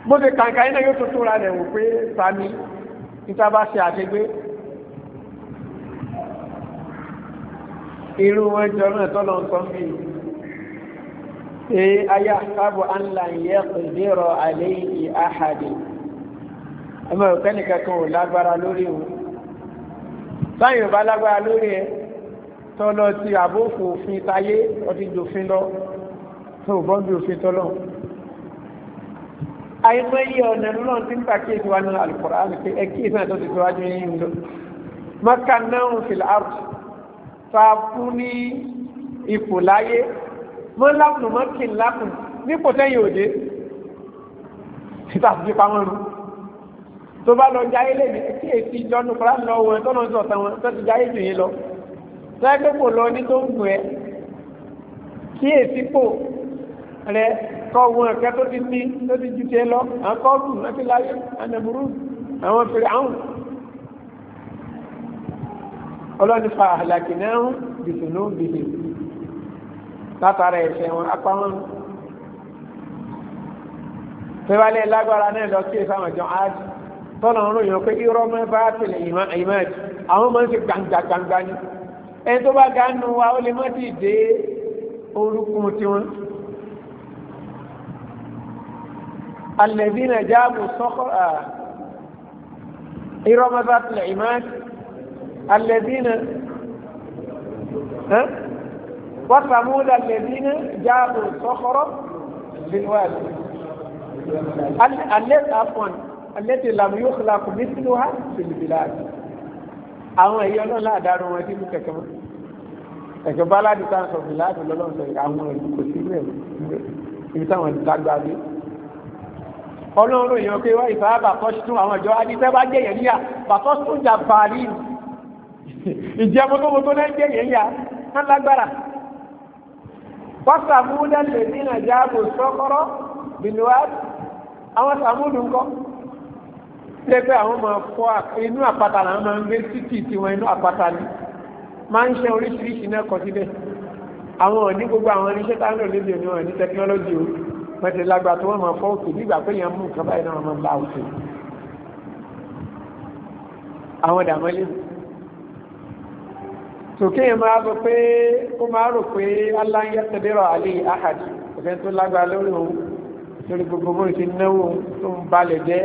bó ṣe kàǹkà yẹn yóò tó tóra rẹ̀ wò pé sami títa bá ṣe àṣegbé irú wọn jọ náà tọ́lọ́ ń sọ pé ayahsabu an lan yaqdiru alayhi ahad ọmọ òkẹ́ni kankan ò lágbára lórí òun sáyìn bá lágbára lórí ẹ tọ́lọ ti àbófò òfin táyé ọdí jòfin lọ tó bọ́ bí òfin tọ́lọ àìmọ́ iye ọ̀nà lọ́nà tí ń pàkíyèsí wa nínú Al-Qur'an pé ẹ kíyèsí náà tó ti tọ́wájú yín lọ mọ́kànnáhùn fil ard fa fún ní ipò láyé mọ́ lápùnù mọ́ kì ń lápùnù nípò tẹ́yìn òde títà fi pamọ́ nu tó bá lọ jáyé lè ní tí èsì ìjọ́nu kọ́lá lọ wọn tó lọ sí ọ̀tàn wọn tó ti jáyé jù yín lọ láyé pé kò lọ ní tó ń gùn ẹ kí èsì pò rẹ kọ́ wọn ẹ̀kẹ́ tó ti ní tó ti ju tiẹ lọ àwọn kọ́ọ̀tù láti láyé ànàbúrú àwọn fèrè àwọn ọlọ́ni fa àlàkì náà dìtò ló ń bìbì látara ẹ̀fẹ̀ wọn apáwọn fẹ́wálẹ̀ lágbára náà lọ sí ìfẹ́ àwọn jọ áàdì tọ́nà ọ̀run yàn pé irọ́ mọ́ bá tẹ̀lé ìmáàdì àwọn máa ń ṣe gbangba gbangba ni ẹni tó bá ga nù wa ó lè má ti dé orúkún tiwọn. alẹ́bínà jáàbù sọ́kọ́ irọ́ mọ́ bá tẹ̀lé ìmáàdì alẹ́bínà. وثمود الذين جابوا الصخر بالواد التي عفوا التي لم يخلق مثلها في البلاد àwọn èyí ọlọ́lá àdáró wọn sínú kẹ̀kẹ́ mọ́ kẹ̀kẹ́ báládì tá à ń sọ fún láti lọ́lọ́run sọ àwọn ìlú kò sí rẹ̀ ibi táwọn ìdágbà dé ọlọ́run èèyàn pé wọ́n ìfà bàtọ́sùn àwọn ìjọ adìsẹ́ bá jẹ̀yẹ̀ níyà bàtọ́sùn jà bàálì ìjẹ́ mọ́tòmọ́tò náà jẹ̀yẹ̀ níyà náà lágbára wọ́sàmúdà lè ní nàìjáàbò sọ́kọ́rọ́ bìnúwàdì àwọn sàmúdù ńkọ́ ṣe pé àwọn máa fọ́ inú àpáta làwọn máa ń gbé títì tiwọn inú àpáta ni máa ń ṣe oríṣiríṣi náà kọ síbẹ̀ àwọn òní gbogbo àwọn oníṣẹ́ tá ń lò lédè ní òní tẹkinọ́lọ́jì o mẹ̀tẹ̀ lágbà tó wọ́n máa fọ́ òkè nígbà pé yẹn mú nǹkan báyìí náà wọ́n máa bá òkè àwọn dàmọ́lé sòkè yẹn máa sọ pé ó máa rò pé aláǹyà tẹ̀lérọ̀ àlè àhàdì òfin tó lágbára lórí òun lórí gbogbo bó ti náwó tó ń balẹ̀ jẹ́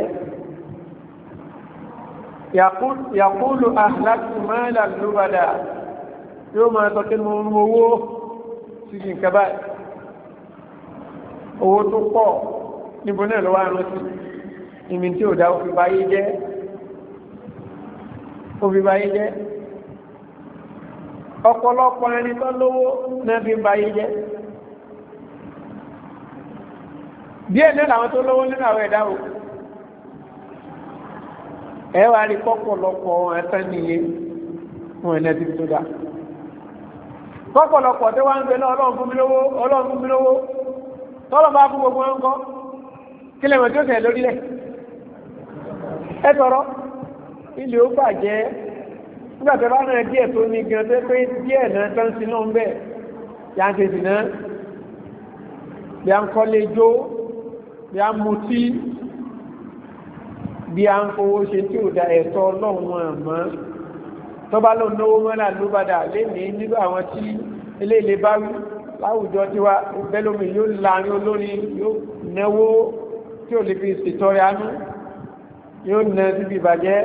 yàkúlù àhàlàkù máàlà lóbadà yóò máa sọ pé mo ń owó síbi nǹkan báyìí owó tó pọ̀ níbo náà ló wá rántí ìmì tí òfin báyé jẹ́ òfin báyé jẹ́ ọ̀pọ̀lọpọ̀ ẹni tó lówó nẹ́bí ń bayé jẹ́ na náà làwọn tó lówó nínú àwọn ẹ̀dá o ẹ wá rí pọ̀pọ̀lọpọ̀ ẹ̀tàn nìyẹn fún ẹ̀nẹ́bí tó dá pọ̀pọ̀lọpọ̀ tó wá ń gbé ọlọ́run fún mi lówó tọ́lọ́ bá fún gbogbo kí lẹ́wọ̀n tó lórílẹ̀ nígbàtẹ̀ bá náà díẹ̀ tó ní gan tẹ́ pé díẹ̀ náà tán sí náà ń bẹ̀ ya ń tètè náà bí a ń kọ́lé jó bí a ń mutí bí a ń fowó ṣe tí ò da ẹ̀tọ́ ọlọ́run àmọ́ tó bá lóun náwó mọ́là ló padà lénìí nígbà àwọn tí eléèlé bá wí láwùjọ tí wá bẹ́lómi yóò láàrin olórin yóò náwó tí ò lè fi ṣètọrẹ àánú yóò nà síbi ìbàjẹ́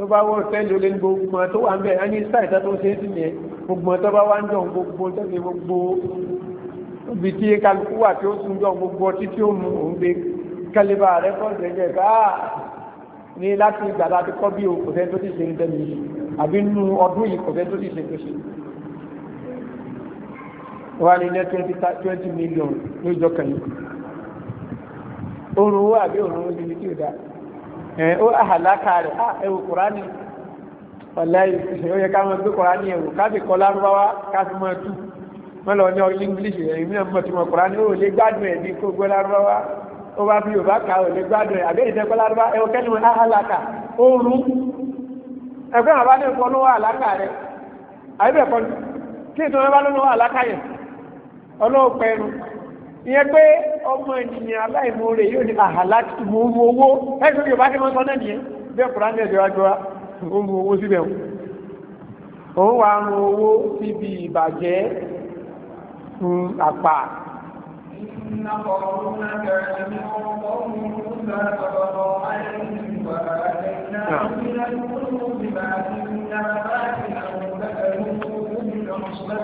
tó bá wọ́n tẹ́lẹ̀ olè gbogbo tó wà ń bẹ̀ á ní sáìtà tó ṣe é sí yẹn gbogbo tó bá wá ń dàn gbogbo tẹ́lẹ̀ gbogbo ibi tí kálukú wà tí ó sùn dàn gbogbo ọtí tí ó mu òun gbé kálíbà rẹ fọ́ ṣẹ̀ṣẹ̀ ká ní láti ìgbàlá ti kọ́ bí kò fẹ́ tó ti ṣe ń tẹ́lẹ̀ yìí àbí nínú ọdún yìí kò fẹ́ tó ti ṣe tó ṣe wà ní ilẹ̀ twenty million lójọ kan yìí òrùn owó àbí òrùn owó ibi tí ò ó àhàlákà rẹ̀ ẹwù kùránì ọ̀lẹ́yìn ó yẹ ká mọ́ gbé kùránì ẹ̀wù káàkì kọ́ lárúbáwá káàkì mọ́ tú mọ́lọ ní ọ̀rọ̀ english ẹ̀yìn mìíràn mọ́ tí mọ́ kùránì ó lè gbádùn ẹ̀ lárúbáwá ó bá fi ká lè gbádùn ẹ̀ ìtẹ́kọ́ lárúbá ìyẹn pé ọmọ ènìyàn aláìmoore yóò ní àhàlá tí mo mú owó ẹgbẹ́ yóò bá ní wọ́n sọ náà nìyẹn bí ọkùnrin ní ẹ̀jọ́ ajọ́ ó mú owó síbẹ̀ ó wà mú owó síbi ìbàjẹ́ àpà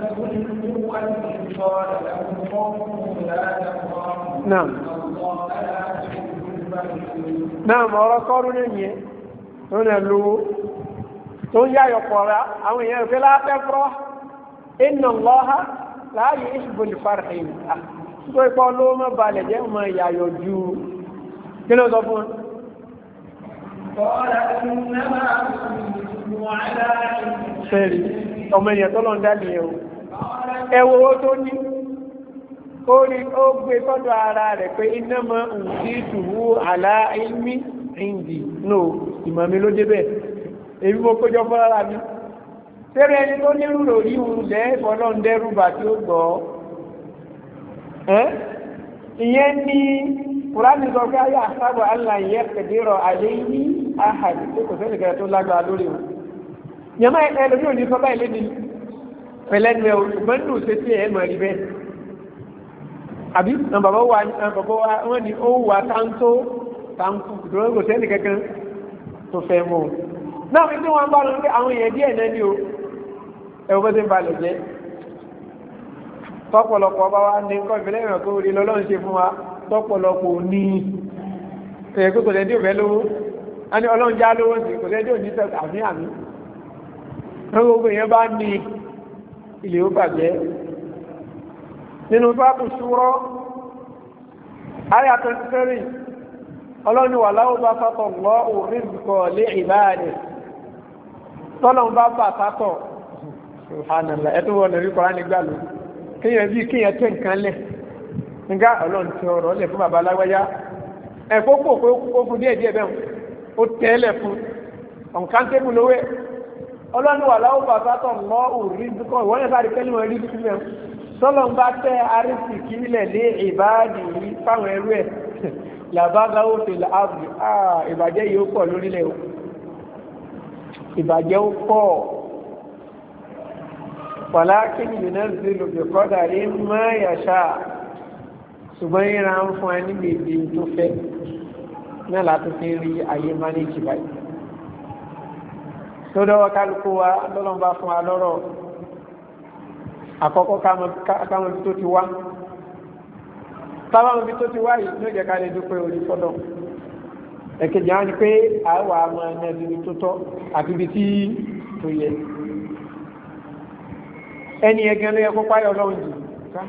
Thank you náà náà ọ̀rọ̀ kọrù lẹ́yìn tó nà lówó tó ń yáyọ̀ pọ̀ra àwọn èèyàn rẹ̀ lápẹ́ fọ́ iná lọ́ha láàyè ìṣùgbọ́nì farahìn tó ipọ́ ló mọ́ balẹ̀ jẹ́ mọ́ ìyàyọ̀ ju kí ló sọ fún wọn. ọmọ tó ní ó rí ó gbé tọ́dọ̀ ara rẹ̀ pé iná mọ́ ǹdí ìtùwú aláìmí ìndì no ìmọ̀mí ló débẹ̀ èyí mo kójọ fún mi tẹ́rẹ ẹni tó nírú rò rí òun lẹ́ ọlọ́run dẹ́rùbà tí ó gbọ́ ìyẹn ni kùránì sọ pé ayé àṣàbọ̀ aláìyẹ pẹ̀dẹ́rọ̀ ayé ní àhàdì tó kò sẹ́nì àbí àwọn bàbá wa bàbá wa wọ́n ni ó wà táńtó táńkù ìdúró kò sẹ́ni kankan tó fẹ́ mọ́ o náà fi tí wọ́n bá lọ pé àwọn èèyàn díẹ̀ náà ni o ẹ̀wọ́n bó ti ń balẹ̀ jẹ́ tọ́pọ̀lọpọ̀ ọba wa ní nǹkan ìfẹ́lẹ́ ìrìn tó rí lọ́lọ́run ṣe fún wa tọ́pọ̀lọpọ̀ ní ẹ̀yẹ pé kò sẹ́ni ò fẹ́ lówó a ní ọlọ́run já lówó sí kò sẹ́ni ò ní sẹ́ni àmì nínú báàbù ṣúrọ́ ayàtọ̀ sẹ́rìn ọlọ́ni wà láwọ́ bá sátọ̀ lọ òrí ìbùkọ̀ lé ìbáàdì tọ́lọ̀ bá bà sátọ̀ ṣùhánàlá ẹ̀tọ́ wọn lè rí kọ́ra nígbà ló kíyàn bí kíyàn tẹ́ nǹkan lẹ̀ nígbà ọlọ́run ti ọ̀rọ̀ lẹ̀ fún bàbá alágbáyá ẹ̀kọ́ pò pé ó fún díẹ̀ díẹ̀ bẹ́ẹ̀ ó tẹ́lẹ̀ sọ́lọ̀ ń bá tẹ́ arísìkí ilẹ̀ lé ìbáàdì yìí fáwọn ẹrú ẹ̀ làbága ó fi láàbù ìbàjẹ́ yìí ó pọ̀ lórílẹ̀ o ìbàjẹ́ ó pọ̀ pọ̀lá kí ni yìí náà sí lòdì kọ́dà rí má yàṣà ṣùgbọ́n ìra ń fún ẹ níbi ìdí tó fẹ́ náà láti fi rí ayé mánéjì báyìí tó dọ́wọ́ kálukú wa lọ́lọ́mbà fún wa lọ́rọ̀ àkọ́kọ́ káwọn ibi tó ti wá táwọn ibi tó ti wá yìí ló jẹ́ ká lè dúpẹ́ orí sọ́dọ̀ ẹ̀kejì á ní pé àwọ̀ àmọ́ ẹ̀nà ibi tó tọ́ àti ibi tí tó yẹ ẹni ẹgẹ́ ló yẹ kó páyọ̀ lọ́wọ́ jù ká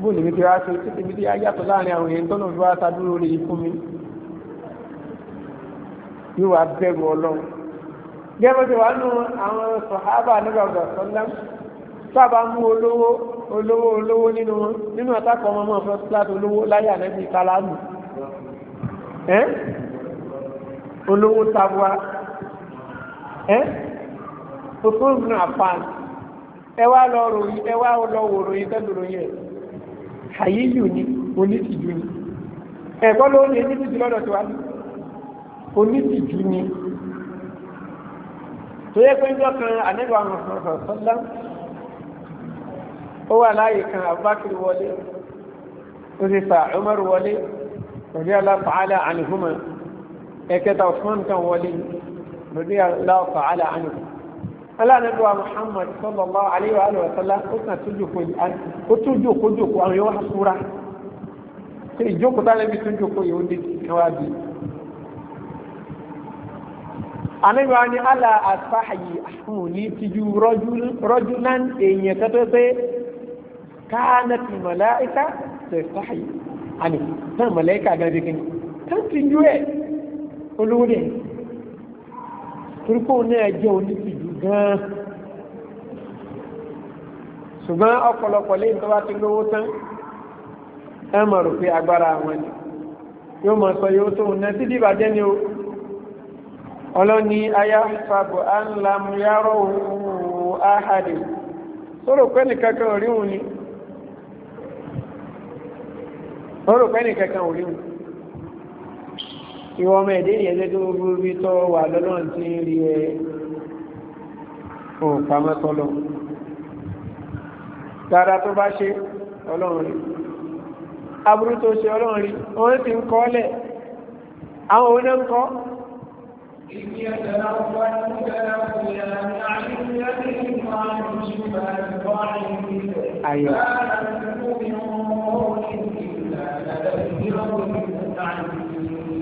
bó lèmi ti wá ṣe títí ibi tí a yàtọ̀ láàrin àwọn èèyàn tọ́nà fi wá ta dúró rí fún mi yóò wá bẹ̀rù ọlọ́run gẹ́gẹ́ bó ti wà nù àwọn sọ̀hábà nígbàgbà sọ́lá sábà mú olówó olówó olówó nínú wọn nínú àtàkọ̀ ọmọ ọmọ first class olówó láyé ànẹ́bí kalamu ẹ́ olówó tabua ẹ́ òfin ìrìnà àfàn ẹ wá lọ ròyìn ẹ wá lọ wò ròyìn tẹ́lú ròyìn ẹ̀ àyíyù ni onítìjú ni ẹ̀kọ́ ló ní onítìjú lọ́dọ̀ tí wá ní onítìjú ni tó yẹ pé ń jọ kan ànẹ́bí wa ó wà láàyè kan abubakar wọlé ó sì fà umar wọlé rọdí aláfàálà ànihùmá ẹ̀kẹta usman kan wọlé rọdí aláfàálà ànihùmá aláàdúrà wa muhammad sallallahu alayhi wa alayhi wa sallam ó kàn tún jòkó ó tún jòkó jòkó àwọn yóò wá súra ṣe ìjókòó tá lẹ́bi tún jòkó yóò dé níwá bí. ni ala asahayi àwọn òní ti ju rọjúlan èèyàn كانت الملائكة تستحي يعني تم ملائكة قال لك تم تنجوه قولوا لي تركوا ناجي ونتجو جان ṣùgbọ́n ọ̀pọ̀lọpọ̀ lẹ́yìn tó bá ti lówó tán ẹ mọ̀ rò pé agbára àwọn ni yóò mọ̀ sọ yóò tó nà tí dìbà jẹ́ ni o ọlọ́ni ayá fàbọ̀ ń lamú yáró òun áhàdì tó rò pé nìkankan rí òun ni wọ́n rò pé nìkankan ò léwu ìwọ ọmọ ẹ̀dẹ́ yẹn lẹ́dọ́ gbogbo bí tọ́ wà lọ́nà tí ń rí ẹ ò pamọ́ tọ́lọ́ dára tó bá ṣe ọlọ́run rí aburú tó ṣe ọlọ́run rí wọ́n ti ń kọ́ lẹ̀ àwọn oná ń kọ́ Ibi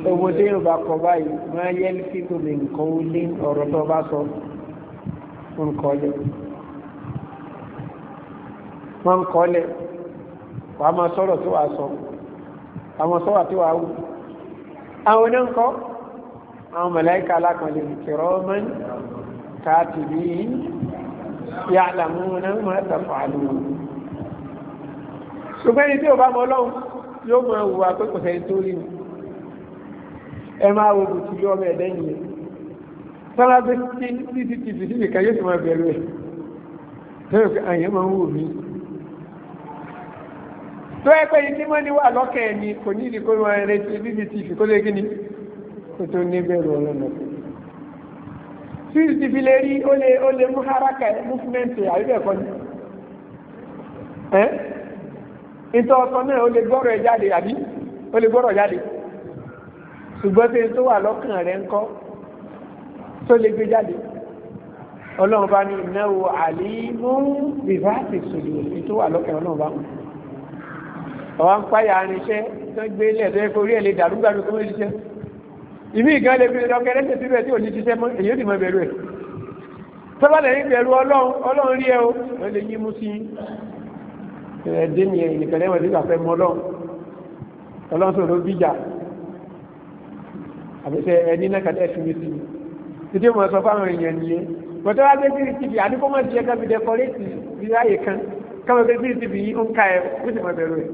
owó tí yóò bá kọ báyìí máa yẹ kí tó lè nǹkan ó lé ọ̀rọ̀ tó bá sọ ń kọ́lẹ̀ wọ́n ń kọ́lẹ̀ wàá máa sọ̀rọ̀ tó wà sọ àwọn sọ́wà tó wà wù àwọn oníǹkọ́ àwọn mọ̀láíkà alákọ̀ọ́lẹ̀ kiraman katibin ya'lamuna ma taf'alun ṣùgbọ́n ẹni tí ò bá mọ́ ọlọ́run yóò mọ̀ ẹ̀wù àpẹ́kọ̀ọ́sẹ̀ tó rí mi ẹ máa wo bùtù lé ọmọ ẹ̀dẹ́ nìyẹn tọ́lá gbé cctv síbi kan yóò ti máa bẹ̀rù ẹ̀ tọ́lá pé àyẹ̀ máa ń wò mí tó ẹ pé ní mọ́ ní wà lọ́kẹ́ ẹ̀ ni kò ní ìdí kó máa retí cctv kó lè gíní kó tó ní bẹ̀rù ọlọ́nà cctv lè rí ó lè ó lè mú haraka múfúmẹ́ǹtì àríbẹ̀kọ́ ni ẹ́ ìtọ́ ọ̀sán náà ó lè gbọ́rọ̀ ẹ̀ jáde àbí ó lè gbọ́rọ̀ jáde ṣùgbọ́n tí tó wà lọ́kàn rẹ̀ ń kọ́ tó lè gbé jáde ọlọ́run bá ní ìnáwó àlímú rìváàtì sùdù ní tó wà lọ́kàn ọlọ́run bá mú ọwọ́ ń páyà arinṣẹ́ tó gbé ilẹ̀ tó yẹ kó rí ẹ̀ lè dàrú gbàdú tó lè ṣiṣẹ́ ìmí ìgbà lè fi lọ́kẹ́ lẹ́sẹ̀ síbẹ̀ tí ò ní ṣiṣẹ́ mọ́ èyí ò sì mọ bẹ̀rù ẹ̀ tọ́bàlẹ̀ ní bẹ̀rù ọlọ́run ọlọ́run rí ẹ àbẹ́sẹ̀ ẹni náà kàdé ẹ̀fí mi sí i títí mo sọ fáwọn èèyàn nìyẹn bọ́tọ́ wá gbé bíi tv àdúgbò máa ti ẹ̀ka fi dẹkọrétì bí láàyè kan káwọn gbé bíi tv yìí ń ka ẹ̀ ó sì máa bẹ̀rù ẹ̀.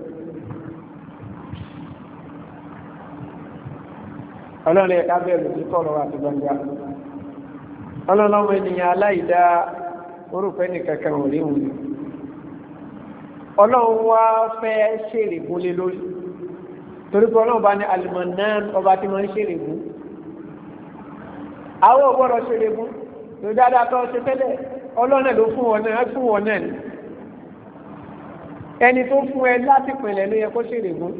ọlọ́run ẹ̀ka bẹ̀rù sí kọ̀ọ̀rọ̀ àti gbangba ọlọ́run ọmọ ènìyàn aláìdá orúkọ ẹnì kankan ò rí ọlọ́run wá fẹ́ ṣèrè gúnlé lórí torí pé ọlọ́run bá ní alìmọ̀nán ọba tí wọ́n ń ṣèrègún àwọn ògbọ́dọ̀ ṣèrègún ló dáadáa tó ṣe tẹ́lẹ̀ ọlọ́run náà ló fún wọn náà fún wọn náà ni ẹni tó fún ẹ láti pìnlẹ̀ ló yẹ kó ṣèrègún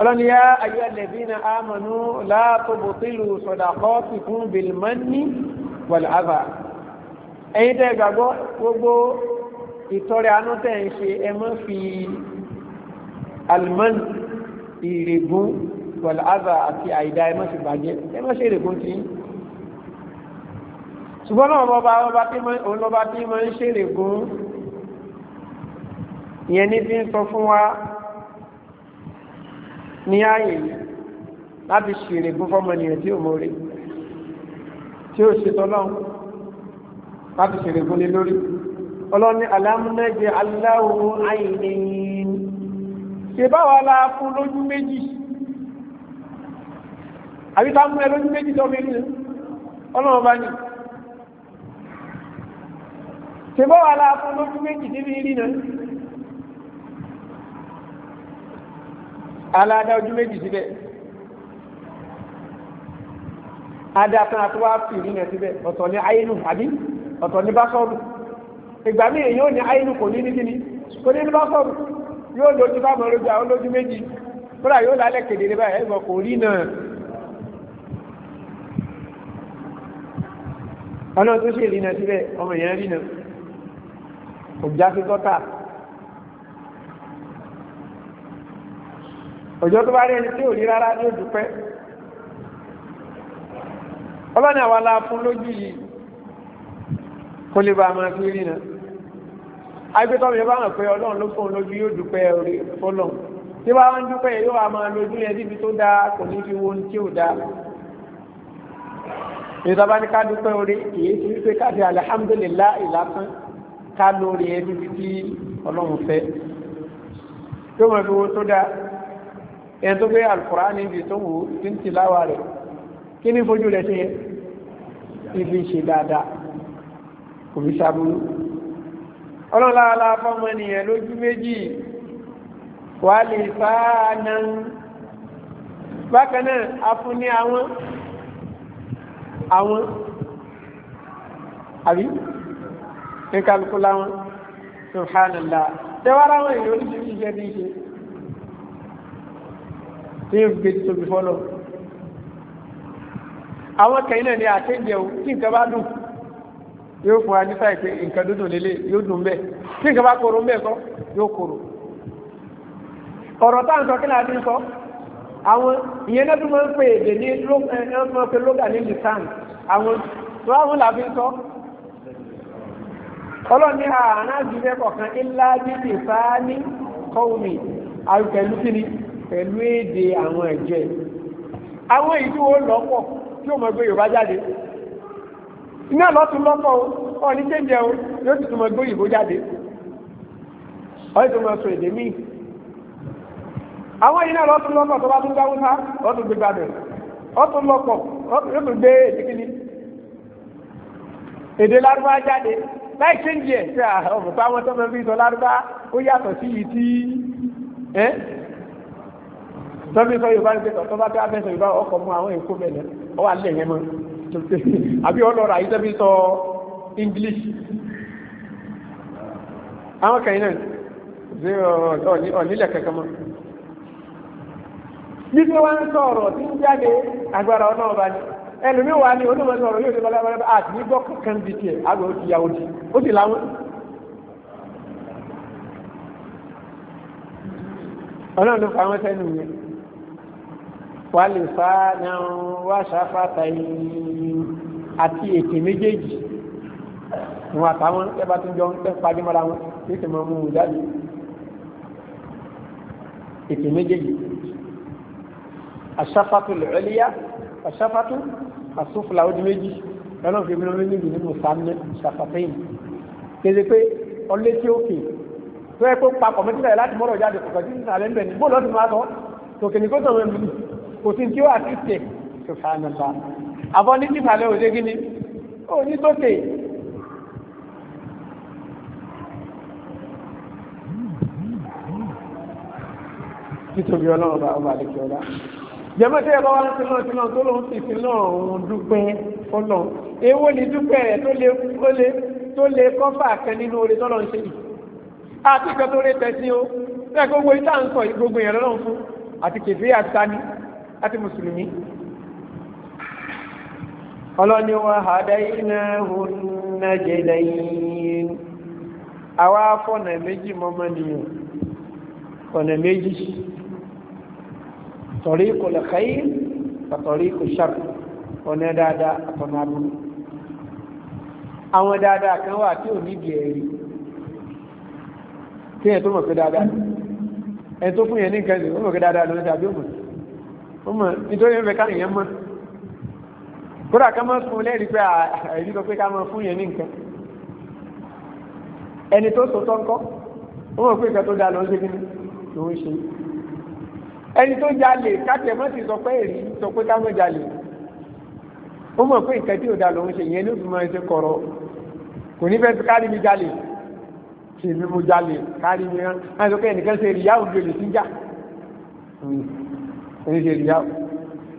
ọlọ́run yá ayé alẹ́bí na àmọ́nú látòbò sílù sọ̀dàkọ́ ti fún bìlmánì wàlẹ̀ àbà tẹ́ gbàgbọ́ gbogbo ìtọrẹ anú tẹ́ ń ṣe ẹ mọ́ fi alìmọ́nì ìrègùn pẹ̀lú àbà àti àìdá ẹ má ṣe bàjẹ́ ẹ má ṣe ìrègùn tí ṣùgbọ́n náà ọba ọba tí òun lọ́ba tí mo ń ṣe ìrègùn ìyẹn ní fi ń sọ fún wa ní ààyè láti ṣe ìrègùn fọmọnìyàn tí ò mórè tí ó ṣe tọ́lọ́run láti ṣe ìrègùn lé lórí ọlọ́ni alámúnájẹ aláwo àìníyìn ṣèbáwa la fún lójú méjì àbí tá mú ẹ lójú méjì tọ́mí ní ọlọ́run bá ní ṣèbáwa la fún lójú méjì níbi ìrìnà aláàdá ojú méjì síbẹ̀ adákan àti wá fi ìrìnà síbẹ̀ ọ̀tọ̀ ní ayélu àbí ọ̀tọ̀ ní bá sọ́rù ìgbà míì yóò ní ayélu kò ní ní kíní kò ní ní bá sọ́rù yóò lójú bá mọ̀ lójú àwọn lójú méjì kódà yóò lálẹ́ kedere báyìí ẹ̀gbọ́n kò rí náà. ọlọ́run tó ṣe ìrìnà síbẹ̀ ọmọ èèyàn rìnà kò já sí tọ́ta ọjọ́ tó bá rí ẹni tí ò rí rárá ní òdùpẹ́ ọlọ́run àwa la fún lójú yìí kó lè bá a máa fi rìnà agbẹ́tọ́ mi bá hàn pé ọlọ́run ló fóun lójú yóò dúpẹ́ orí fọlọ́n tí wàá ń dúpẹ́ yóò wá máa lójú yẹn síbi tó dáa kò ní fi wo tí ò dáa ìjọba ní ká dúpẹ́ orí kìí ti wípé káfí alihamdulilá ìlàsán ká lórí ẹni tí ọlọ́run fẹ́ tó mọ̀ fi wo tó dáa ẹni tó gbé alukura níbi tó wù tí ń ti láwa rẹ̀ kí ni fojú rẹ̀ ṣe yẹ ibi ṣe dáadáa kò fi ṣàbùrù ọlọ́láàlá fọ́mọ ènìyàn lójú méjì wà lè sáànà bákan náà a fún ní àwọn àwọn àbí ní kálukú láwọn subhanallah tẹwàrá wọn èyí oríṣiríṣi iṣẹ́ ní ṣe tí yóò gbé tóbi fọ́lọ̀ àwọn kẹ̀yìn náà ni àtẹ́jẹ̀wò tí nǹkan bá dùn yóò fún wa ní sáì pé nǹkan dúdú lélẹ̀ yóò dùn bẹ́ẹ̀ tí nǹkan bá kóró bẹ́ẹ̀ kọ́ yóò kóró ọ̀rọ̀ táà ń sọ kí láti ń sọ àwọn ìyẹn náà tún máa ń pè èdè ní lóga ní lisan àwọn tó àwọn làbí ń sọ ọlọ́ni àárín àjíṣẹ́ kọ̀ọ̀kan ilá bíbí sáání kọ́wùmí pẹ̀lú kíni pẹ̀lú èdè àwọn ẹ̀jẹ̀ àwọn èyí tí wọ́n lọ́pọ̀ tí ó mọ̀ gbé Yorùbá jáde iná lọ́tún lọ́pọ̀ ọ ní kéńjẹ o n'otu tuntun mọ gbóyìnbó jáde ọyẹ tó máa sọ èdè míì àwọn iná lọ́tún lọ́pọ̀ tó bá tún dáwọ́ sá ọtún gbé gbàdẹ̀ ọtún lọ́pọ̀ yóò gbé èdè kíní èdè lárúbá jáde láì ọ̀pọ̀ tó máa fi sọ lárúbá ó yàtọ̀ sí yìí tí ọkọ̀ mú àwọn èkó bẹ̀rẹ̀ ọ àbí ọlọ́rọ̀ àyíṣẹ́ bí sọ English àwọn kan náà ṣe ọ̀nílẹ̀ kankan mọ́ bí pé wọ́n ń sọ̀rọ̀ tí ń jáde agbára ọlọ́run bá ní ẹlòmí wa ni onímọ̀ sọ̀rọ̀ yóò ṣe lọ́lá bá àti ní gbọ́ kankan bí tiẹ̀ àgbẹ̀ ó ti yàwó di ó ti láwọn. ọlọ́run ló fa àwọn sẹ́nu yẹn wàlìfà náà wà ṣàfàtà àti ètè méjèèjì wọn àtàwọn ẹbá tó jọ ń tẹ́ pàdémọ́ra wọn títí mọ́ mú un jáde ètè méjèèjì àṣàfàtò lẹ́lẹ́yà àṣàfàtò àṣùfùlà ó di méjì lọ́nà òfin mìíràn méjì nínú sàmì ṣàfàtẹ́yìn kéde pé ọlẹ́tí òkè tó yẹ kó papọ̀ mẹ́tíkà yẹ láti mọ́rọ̀ jáde kọ̀ọ̀kan tí nàlẹ́ ń bẹ̀ ní bó lọ́ọ̀tì máa lọ tòkè ní kó tọ̀ wọn kò sí tí ó wà títẹ̀ tó fàánà bá àbọ̀ ní tìfàlẹ́ òde gíní ó ní sókè títóbi ọlọ́run bá ọba àdékè ọlá jẹmọ tí ẹ bá wá ń sin náà sin náà tó lóun sì sin náà òun dúpẹ́ ọlọ́run èwo ni dúpẹ́ rẹ tó lè tó lè tó lè kọfà kan nínú oore tọlọ ń ṣe yìí àti kan tó lè tẹsí o bẹ́ẹ̀ gbogbo ìta ń sọ yìí gbogbo yẹn lọ́lọ́run fún àti kèfé àti tani àti mùsùlùmí ọlọ́ni wọn hadaynahun najdayn àwa afọ́nà méjì mọ́mọ́nìyàn ọ̀nà méjì tariqul khair wa tariqul shar ọ̀nà dáadáa àtọ̀nà abúrú àwọn dáadáa kan wà tí ò níbi ẹ̀rí tí ẹ̀ tó mọ̀ pé dáadáa ẹ̀ tó fún yẹn ní nǹkan ìlú ó mọ̀ pé dáadáa lọ́nà tàbí òmùsùn mọ̀ nítorí ẹ̀fẹ́ káàrin yẹn mọ́ kódà ká mọ́ fún lẹ́rìí pé àìrí lọ pé ká mọ́ fún yẹn ní nǹkan ẹni tó sọ tọ́ńkọ́ ó mọ̀ pé nǹkan tó dá lọ sí kí ni òun ṣe ẹni tó jalè káàtì ẹ̀mọ́ ti sọ pé èrí sọ pé ká mọ́ jalè ó mọ̀ pé nǹkan tí ò dá lòun ṣe yẹn ló fi mọ ẹsẹ̀ kọ̀rọ̀ kò ní fẹ́ kárí mi jalè ṣèlú mo jalè kárí mi rán láti sọ pé ẹnìkan ṣe rí yáwó oníṣe ìyá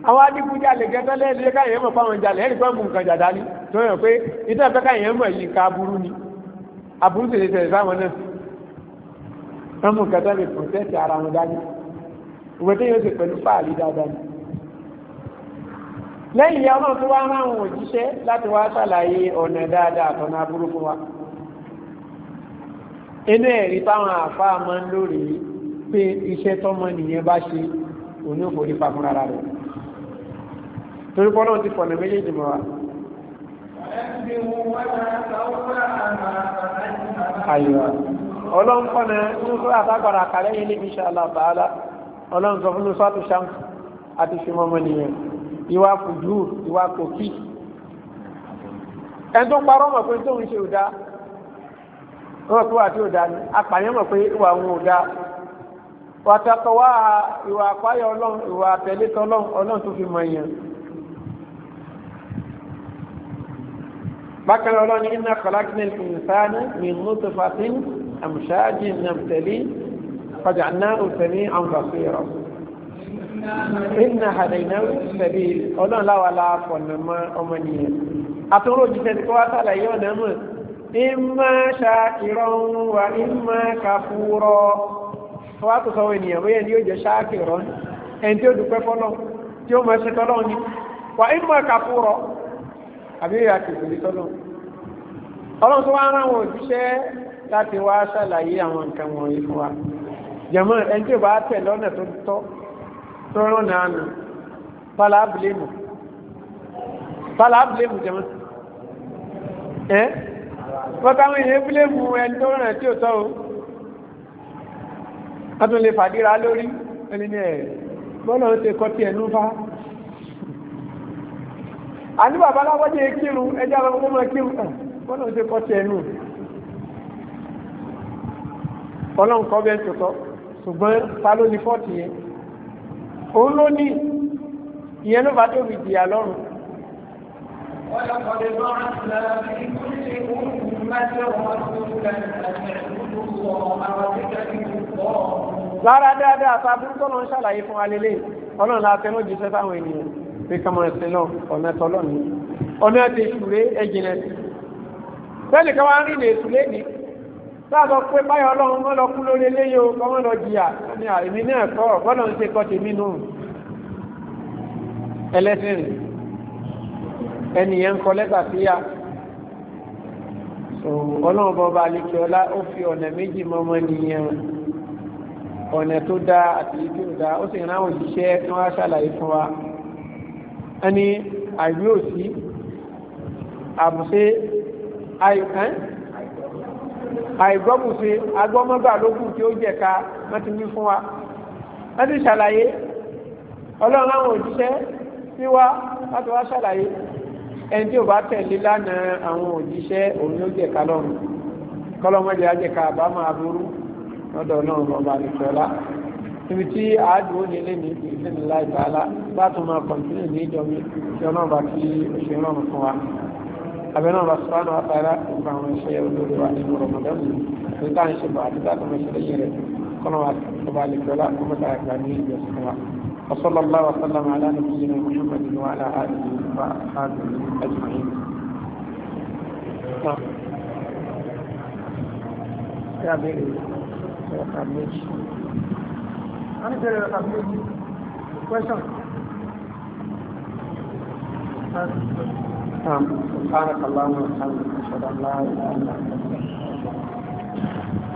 àwọn adigunjalè gẹ́gẹ́ lẹ́nu yẹ káyẹ̀ mọ̀ fáwọn jalè ẹ̀rí pẹ́ mú nǹkan jàdá ní tó yàn pé ìtàn ẹ̀fẹ́ káyẹ̀ mọ̀ yìí ká burú ni aburú tètè tẹ̀lé sáwọn náà wọ́n mú nǹkan tó lè pòtẹ́tì ni lẹ́yìn ìyá ọlọ́run tó wá rán àwọn òjíṣẹ́ láti wá ṣàlàyé ọ̀nà dáadáa àtọ̀nà aburú fún wa inú ẹ̀rí táwọn àfáà máa ń lórí pé iṣẹ́ tọ́mọ nìyẹn bá ṣe òní ò forí pa fúnra rẹ̀ torí pọ́nà ti fọ̀nà méjèèjì mọ́ wa. àyíwá ọlọ́run pọ́nà nínú àtàkọ̀rọ̀ àkàrẹ́ yìí níbi iṣẹ́ alábàálá ọlọ́run sọ fún ní sọ́tù ṣáǹkù àti fìmọ́mọ́ nìyẹn ìwà fùjú ìwà kòkí ẹni tó parọ́ mọ̀ pé tóun ṣe ò dáa wọ́n tó wà tí ò dáa ni apàyàn mọ̀ pé ìwà òun ò dáa pàtàkì wá ìwà àpáyọ ọlọ́run ìwà àtẹ̀lẹ́tọ̀ ọlọ́run tó fi mọ èèyàn bákan náà ọlọ́run iná kọlákínẹ́lì ìsáánú ní mọ́tò fatin àmúṣáájì nàmtẹ̀lí padà náà òtẹ̀lí àǹfàṣírọ̀ iná àdàìná òtẹ̀lí ọlọ́run láwa la wá tó sọ ènìyàn bóyá ni yóò jẹ́ ṣáàkì rọ́ ni ẹni tí ó dúpẹ́ fọ́lọ́ tí ó mọ̀ tọ́lọ́ ni wà á mọ̀ rọ àbí ìyá kìkìrì tọ́lọ́ ọlọ́run wa ẹni tó tọ́ náà nù bala abúlémù bala abúlémù jẹ̀mọ́ ẹ́ wọ́n táwọn èèyàn búlémù ẹni tí ó tọ́ o. kátún lè fàdíra lórí ẹni ní ẹ̀ bọ́lá ó ṣe kọ́tí ẹ̀ lúfà àní bàbá aláwọ́jẹ́ kírun ẹjẹ́ aláwọ́jẹ́ máa kírun ẹ̀ ah, bọ́lá ó ṣe kọ́tí ẹ̀ nù ọlọ́run kọ́ bẹ́ẹ̀ tòótọ́ ṣùgbọ́n ta ló ní fọ́ọ̀tì yẹn òun ló ní ìyẹn ló bá tóbi jìyà lọ́rùn ولقد بعثنا في كل أمة lára dáadáa sábúrú tó lọ ń ṣàlàyé fún alélé ọlọ́run la fẹ́ lójú sẹ́fà àwọn ènìyàn pé kọmọ ẹ̀sìn náà ọ̀nà tọ́lọ́ ni ọ̀nà ti ṣùré ẹ̀jìnlẹ̀ sí bẹ́ẹ̀ni kan wá ń rìn lè sùn lẹ́ni láàbọ pé báyọ̀ ọlọ́run mọ́ lọ kú lórí eléyìí o kọ́mọ lọ jìyà ní àìmí náà kọ́ ọ̀gbọ́n ń ṣe kọ́ tèmi nù ẹlẹ́sìn ẹnìyẹn bọba àlekè ó fi ọ̀nà méjì mọ́mọ́ nìyẹn ọ̀nà tó dá àti ibi tó dá ó sì rán òṣìṣẹ́ tí wọ́n ṣàlàyé fún wa ẹni àìrí òsí àbùsẹ́ àìkán àìgbọ́bùsẹ́ agbọ́mọ́gbà lókùn tí ó jẹ̀ka wọ́n ti wí fún wa wọ́n ti ṣàlàyé ọlọ́run àwọn òṣìṣẹ́ sí wa láti wá ṣàlàyé ẹni tí ò bá tẹ̀lé lánàá àwọn òṣìṣẹ́ òun ló jẹ̀ka lọ́run kọ́lọ́mọdé ajẹ́ka àbámọ̀ aburú lọ́dọ̀ ọlọ́run ọba àdìsọ́lá níbi tí àádùn òní lè ní ìsinmi láì tààlà bá tún máa kọ̀ǹtínú ní ìjọ mi tí ọlọ́run bá ti oṣù rọrùn fún wa abẹ́nà ọba sọ́rọ̀ àtàrà ìgbà àwọn iṣẹ́ olórí wa nínú rọmọdọ́n ní táà ń ṣe bọ̀ àti táà tó mẹ́ṣẹ́ lẹ́yìn rẹ̀ kọ́nà ọ̀kà méjì a ní bẹ̀rẹ̀ ọ̀kà méjì question سبحانك اللهم وبحمدك اشهد ان لا اله الا انت